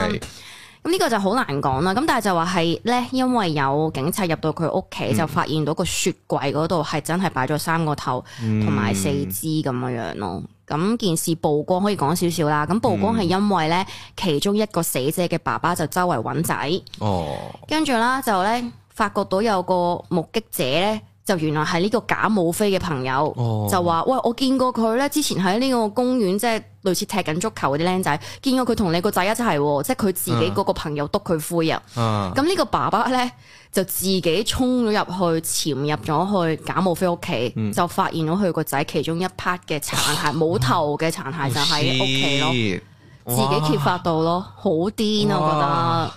Speaker 2: 咁呢個就好難講啦，咁但係就話係呢，因為有警察入到佢屋企，嗯、就發現到個雪櫃嗰度係真係擺咗三個頭同埋，嗯、四肢咁樣樣咯。咁件事曝光可以講少少啦。咁曝光係因為呢，其中一個死者嘅爸爸就周圍揾仔，跟住啦就呢發覺到有個目擊者呢。就原來係呢個假姆菲嘅朋友，哦、就話：喂，我見過佢呢。之前喺呢個公園，即係類似踢緊足球嗰啲靚仔，見過佢同你個仔一齊，即係佢自己嗰個朋友督佢灰呀。咁呢、嗯嗯、個爸爸呢，就自己衝咗入去，潛入咗去假姆菲屋企，嗯、就發現咗佢個仔其中一 part 嘅殘骸，冇唉頭嘅殘骸就喺屋
Speaker 3: 企咯，像哇自己揭發
Speaker 2: 到咯，好癲啊！哇我覺得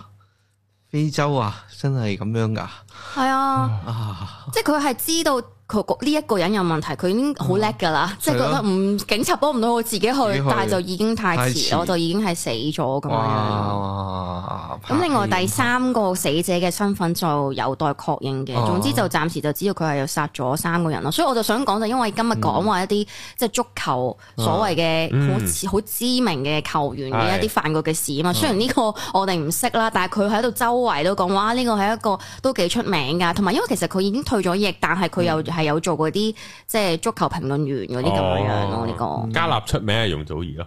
Speaker 3: 非洲啊！真係咁樣噶，
Speaker 2: 係啊，嗯、即係佢係知道。呢一個人有問題，佢已經好叻㗎啦，即係覺得唔警察幫唔到我自己去，但係就已經太遲，我就已經係死咗咁。
Speaker 3: 咁另外第
Speaker 2: 三個死者嘅身份就有待確認嘅，總之就暫時就知道佢係有殺咗三個人咯。所以我就想講就因為今日講話一啲即係足球所謂嘅好好知名嘅球員嘅一啲犯過嘅事啊嘛。雖然呢個我哋唔識啦，但係佢喺度周圍都講話，呢個係一個都幾出名㗎，同埋因為其實佢已經退咗役，但係佢又有做嗰啲即係足球評論員嗰啲咁樣樣咯，呢個、哦、
Speaker 1: 加納出名係容祖兒咯，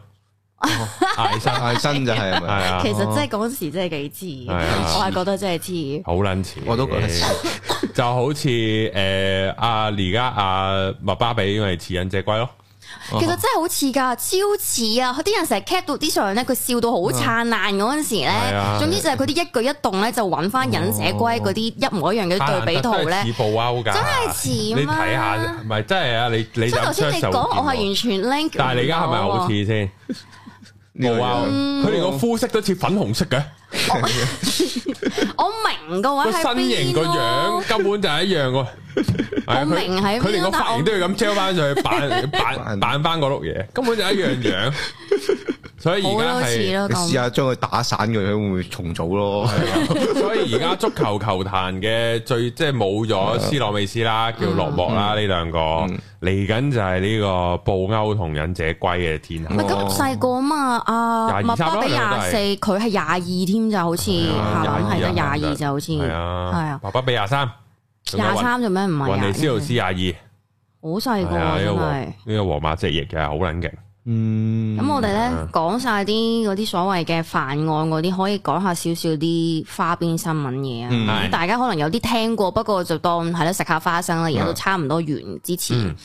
Speaker 1: 太新太新就係係啊。其實真係
Speaker 2: 嗰陣時真係幾似，啊、我係覺得真係似，
Speaker 1: 好撚似，我都覺得。似。 就好似誒，阿而家阿麥巴比因為似忍者龜咯。其實
Speaker 2: 真係好似㗎，超似啊！佢啲人成日 catch 到啲相咧，佢笑到好燦爛嗰陣時咧，總之就係佢啲一舉一動咧，就揾翻忍者龜嗰啲一模一樣嘅對比圖咧，
Speaker 1: 真係似啊！你睇下，唔係真係啊！你所以你頭先你講，我係
Speaker 2: 完全 link 但係你而家係咪好似
Speaker 1: 先？ 冇啊！佢哋、嗯、連個膚色都似粉紅色嘅，
Speaker 2: 我明嘅話， 身形個樣
Speaker 1: 根本就係一樣喎。我明係，佢哋她連個髮型都要咁挑翻上去扮扮扮翻嗰碌嘢，根本就一樣樣。 所以而家係你試下將佢打散佢，佢會唔會重組咯。所以而家足球球壇嘅最即係冇咗斯諾美斯啦，叫落幕啦。呢兩個嚟緊就係呢個布歐同忍者龜嘅天下。唔係咁細
Speaker 2: 個啊嘛，阿爸爸比廿四，佢係廿二添，就好似下輪係得廿二就好似係啊。爸爸
Speaker 1: 俾廿三，廿三做咩唔係廿二？
Speaker 2: 我細個真係呢
Speaker 1: 個皇馬隻翼嘅好撚勁。嗯，咁我哋咧
Speaker 2: 講晒啲嗰啲所謂嘅犯案嗰啲，可以講下少少啲花邊新聞嘢啊。嗯、大家可能有啲聽過，不過就當係咯，食下花生啦。而家都差唔多完，之前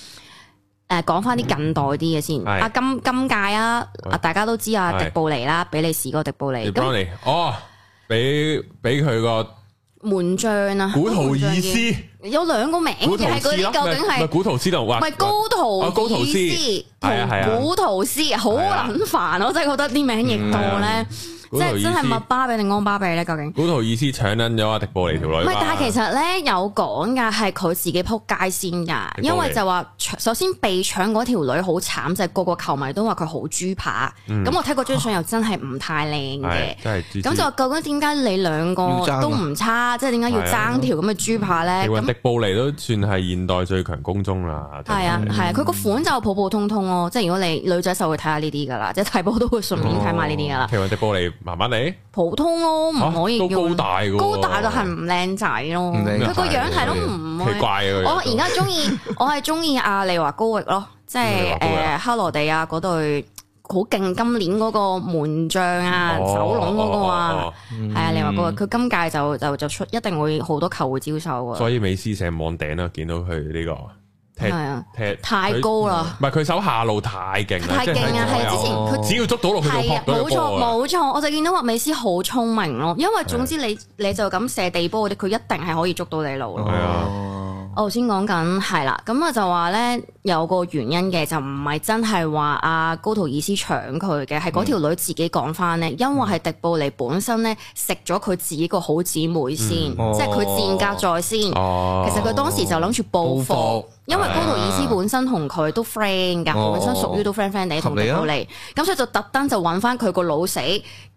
Speaker 2: 誒講翻啲近代啲嘅先。阿的、啊、今今屆啊，大家都知阿迪布尼啦，比利時個迪布尼。迪
Speaker 1: 咁哦，俾俾佢個
Speaker 2: 門將啦，古豪意思。有兩個名嘅，係嗰啲究竟係古
Speaker 1: 圖師定係唔係高圖？唔係高圖師，係啊係啊，古
Speaker 2: 圖師好撚煩，啊、我真係覺得啲名亦多咧？即係真係麥巴比定安巴比咧？究竟？
Speaker 1: 嗰套意思搶緊咗阿迪布尼條女、嗯。唔係，但係其實
Speaker 2: 咧有講㗎，係佢自己撲街先㗎。因為就話首先被搶嗰條女好慘，就係、是、個個球迷都話佢好豬扒。咁、嗯、我睇個張相睇過張相又真係唔太靚嘅。咁、啊、就究竟點解你兩個都唔差？即係點解要爭,、啊、要爭條咁嘅豬扒咧？咁
Speaker 1: 迪布尼都算係現代最強攻中啦。係、嗯、啊，係、啊。
Speaker 2: 佢個款就普普通通咯。即係如果你女仔就會睇下呢啲㗎啦，即係睇波都會順便睇埋呢啲㗎啦。
Speaker 1: 譬如、哦、迪布尼。慢慢嚟，
Speaker 2: 普通咯，唔可以叫高大嘅。高大就係唔靚仔咯，佢個樣係咯唔。奇怪嘅樣。我而家中意，我係中意阿利華高域咯，即係誒，克羅地亞嗰隊好勁，今年嗰個門將啊，守籠嗰個啊，係啊，利華高域，佢今屆就就就出，一定會好多球會招手嘅。所以
Speaker 1: 美斯成網頂啦，見到佢呢個。係啊，太高啦！唔係佢手下路太勁，太勁啊！係之前佢、哦、只要捉到路，去，係、哦、啊，冇錯冇
Speaker 2: 錯，我就見到話美斯好聰明咯，因為總之你的你就咁射地波啲，佢一定係可以捉到你路咯。哦、我先講緊係啦，咁我就話咧。有個原因嘅，就唔係真係話阿高圖爾斯搶佢嘅，係條女自己講翻咧，因為係迪布尼本身咧食咗佢自己個好姊妹、嗯哦、先，即係佢賤格在先。其實佢當時就諗住報復，哦哦、因為高圖爾斯本身同佢都 friend 㗎，本身屬於都 friend friend 哋同、哦、迪布尼，咁嘴所以就特登就揾翻佢個老死咁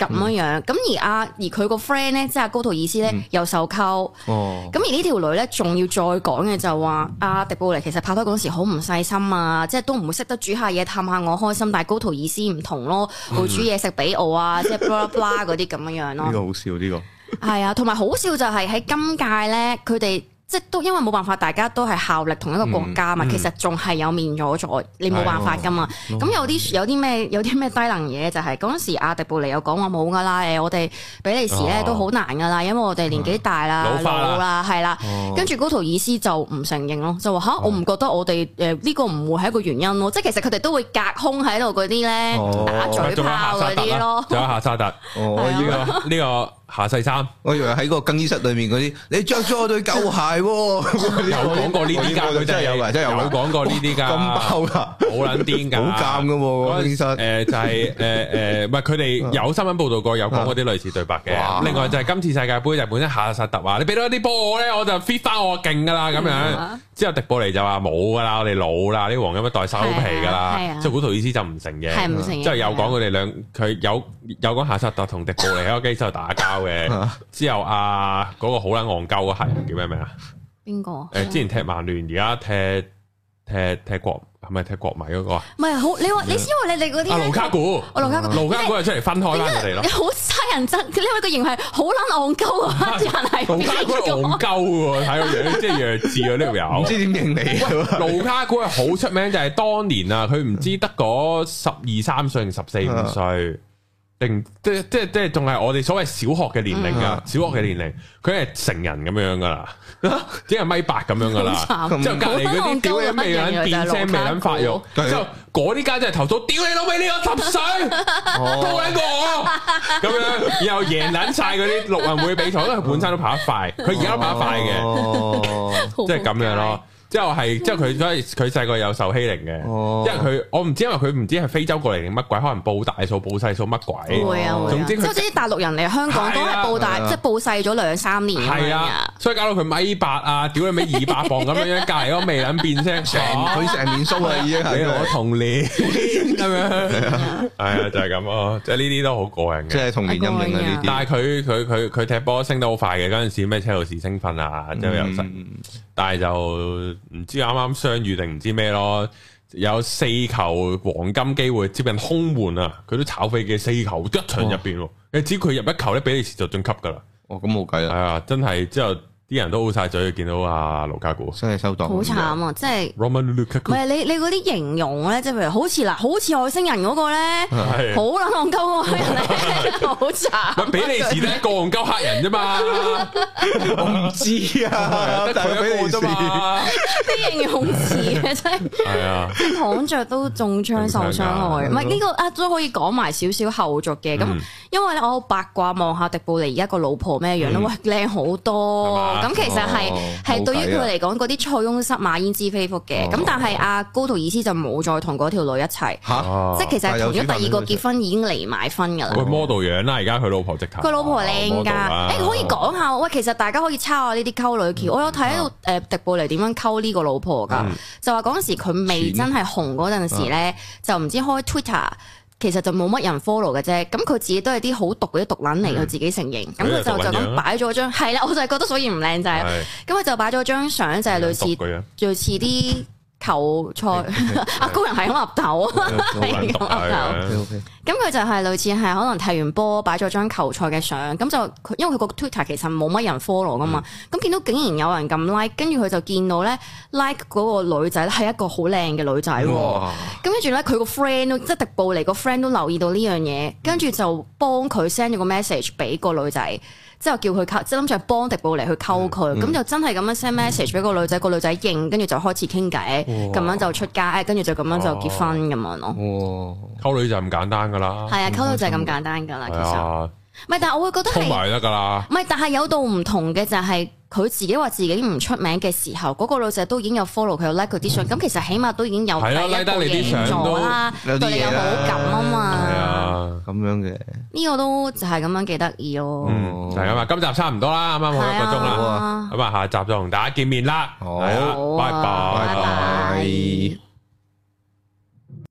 Speaker 2: 樣樣，咁、嗯嗯、而阿、啊、而佢個 friend 咧，即係高圖爾斯咧又受溝，哦、嗯，咁、嗯嗯嗯、而呢條女咧仲要再講嘅就話阿迪布尼其實拍拖嗰時好唔細。心啊，即係都唔會識得煮下嘢氹下我開心，但係高途意思唔同咯，嗯、會煮嘢食俾我啊， 即係 bla bla 嗰啲咁樣樣咯。呢個好
Speaker 3: 笑，呢、這個
Speaker 2: 係 啊，同埋好笑就係喺今屆咧，佢哋。即係都因為冇辦法，大家都係效力同一個國家嘛，其實仲係有面阻阻，你冇辦法噶嘛。咁有啲有啲咩有啲咩低能嘢就係嗰陣時，阿迪布尼又講話冇噶啦，誒我哋比利時咧都好難噶啦，因為我哋年紀大啦，老啦，係啦，跟住高圖爾斯就唔承認咯，就話吓，我唔覺得我哋誒呢個唔會係一個原因咯，即係其實佢哋都會隔空喺度嗰啲咧打嘴炮嗰啲咯。有夏
Speaker 1: 沙特，
Speaker 2: 呢個
Speaker 3: 夏薩特，我以為喺個更衣室裏面嗰啲，你著咗我對舊鞋喎，有講過呢啲噶，真係有噶，真係有講過呢啲噶。
Speaker 1: 咁爆，好撚癲噶，好尷噶喎。其實誒就係誒誒，唔係佢哋有新聞報導過，有講過啲類似對白嘅。另外就係今次世界盃日本夏薩特話，你俾多啲波我咧，我就 fit 翻我勁噶啦咁樣。之後迪布尼就話冇噶啦，我哋老啦，啲黃金一代收皮噶啦，即係古圖意思就唔成嘅，係唔成嘅。之後又講佢哋兩佢有有講夏薩特同迪布尼喺個更衣室度打交。誒，之後啊，嗰個好捻戇鳩嘅黑人叫咩名啊？
Speaker 2: 邊個？誒，之前踢
Speaker 1: 曼聯，而家踢踢踢國係咪踢國米嗰個？
Speaker 2: 唔係，好你話你先，因為你哋嗰啲盧卡古，
Speaker 1: 盧卡古盧卡古係出嚟分開啦，我哋咯，
Speaker 2: 好差人憎。你因為個型係好捻戇鳩啊，啲係盧卡古戇
Speaker 1: 鳩喎，睇個樣即係弱智啊，呢條友，唔知點認你。盧卡古係好出名，就係當年啊，佢唔知得嗰十二三歲定十四五歲。定即係即係即係仲係我哋所謂小學嘅年齡啊，小學嘅年齡，佢係、嗯、成人咁樣噶啦，即係米八咁樣噶啦，即係隔離嗰啲屌你未捻變聲未捻發育，之對後嗰啲家真係投訴，屌你老味呢個濕水，高過我咁樣，哦，然後贏捻晒嗰啲陸運會比賽，因為本身都跑得快，佢而家都跑得快嘅，即係咁樣咯。之後係，之後佢所以佢細個有受欺凌嘅。因為佢我唔知，因為佢唔知係非洲過嚟定乜鬼，可能報大數、報細數乜鬼。會啊，會。總之即係
Speaker 2: 啲大陸人嚟，香港都係報大，即係報細咗兩三年。係啊，
Speaker 1: 所以搞到佢米八啊，屌你咪二百磅咁樣樣，隔離嗰未諗變聲，成佢成面鬚啦，已經係我童年咁樣。係啊，就係咁啊，即係呢啲都好過癮嘅，即係童年陰影啊呢啲。但係佢佢佢佢踢波升得好快嘅，嗰陣時咩車路士升訓啊，之後又但係就唔知啱啱相遇定唔知咩咯，有四球黃金機會接近空門啊，佢都炒飛嘅四球一場入邊，你、哦、只要佢入一球咧，比利時就晉級㗎喇。哦，咁冇計啦。係啊，真係之後。啲人都好晒嘴，見到阿盧嘉古，真係收到，好慘
Speaker 2: 啊！即係，唔係你你嗰啲形容咧，即係譬如好似嗱，好似外星人嗰個咧，好撚戇鳩嗰個人咧，好慘。唔係比利
Speaker 1: 時咧，戇鳩黑人啫嘛，我唔知啊，第一個比利時
Speaker 2: 啲形容詞嘅。真係，係啊，躺着都中槍受傷害，唔係呢個啊，都可以講埋少少後續嘅咁，因為我八卦望下迪布尼而家個老婆咩樣咯，喂，靚好多。咁其實係係對於佢嚟講嗰啲塞翁失馬焉知非福嘅，咁但係阿高陶爾斯就冇再同嗰條女一齊，即
Speaker 1: 係其實同咗第二個結
Speaker 2: 婚已經離埋婚噶啦。佢
Speaker 1: model 樣啦，而家佢老婆直頭。佢老婆靚噶，誒，可以講
Speaker 2: 下喂，其實大家可以抄下呢啲溝女橋。我有睇到誒迪布尼點樣溝呢個老婆㗎，就話嗰陣時佢未真係紅嗰陣時咧，就唔知開 Twitter。其實就冇乜人 follow 嘅啫，咁佢自己都係啲好毒嗰啲毒撚嚟，佢自己承認，咁佢、嗯、就就咁擺咗張，係啦、嗯，我就係覺得所以唔靚仔，咁佢的就擺咗張相就係、係、類似，類似啲。讀他 球賽，阿高人係咁岌頭，咁咁佢就係類似係可能踢完波擺咗張球賽嘅相，咁就佢因為佢個 Twitter 其實冇乜人 follow 噶嘛，咁、嗯、見到竟然有人咁 like，跟住佢就見到咧 like 嗰個女仔係一個好靚嘅女仔，咁跟住咧佢個 friend 都即係迪布尼嚟，個 friend 都留意到呢樣嘢，跟住就幫佢 send 咗個 message 俾個女仔。之後叫佢溝，即係諗住幫迪布嚟去溝佢，咁、嗯、就真係咁樣 send message 俾個女仔，嗯、個女仔應，跟住就開始傾偈，咁哇樣就出街，跟住就咁樣就結婚咁樣咯。
Speaker 1: 溝女就係咁簡單㗎啦。係啊，溝、啊、女就係咁簡單㗎啦，啊、其實。唔
Speaker 2: 係、啊，但係我會覺得。溝埋
Speaker 1: 得㗎啦。
Speaker 2: 唔係，但係有道唔同嘅就係、是。佢自己話自己唔出名嘅時候，嗰、嗰個老細都已經有 follow 佢，有 like 佢啲相。咁其實起碼都已經有啦，第一個認咗啦，啊、對你有好感啊嘛。啊，咁樣嘅呢個都就係咁樣幾得意咯。嗯，
Speaker 1: 係、就、啊、係、今集差唔多啦，啱啱好一個鐘啦。咁啊，啊下集就同大家見面啦。好，拜拜。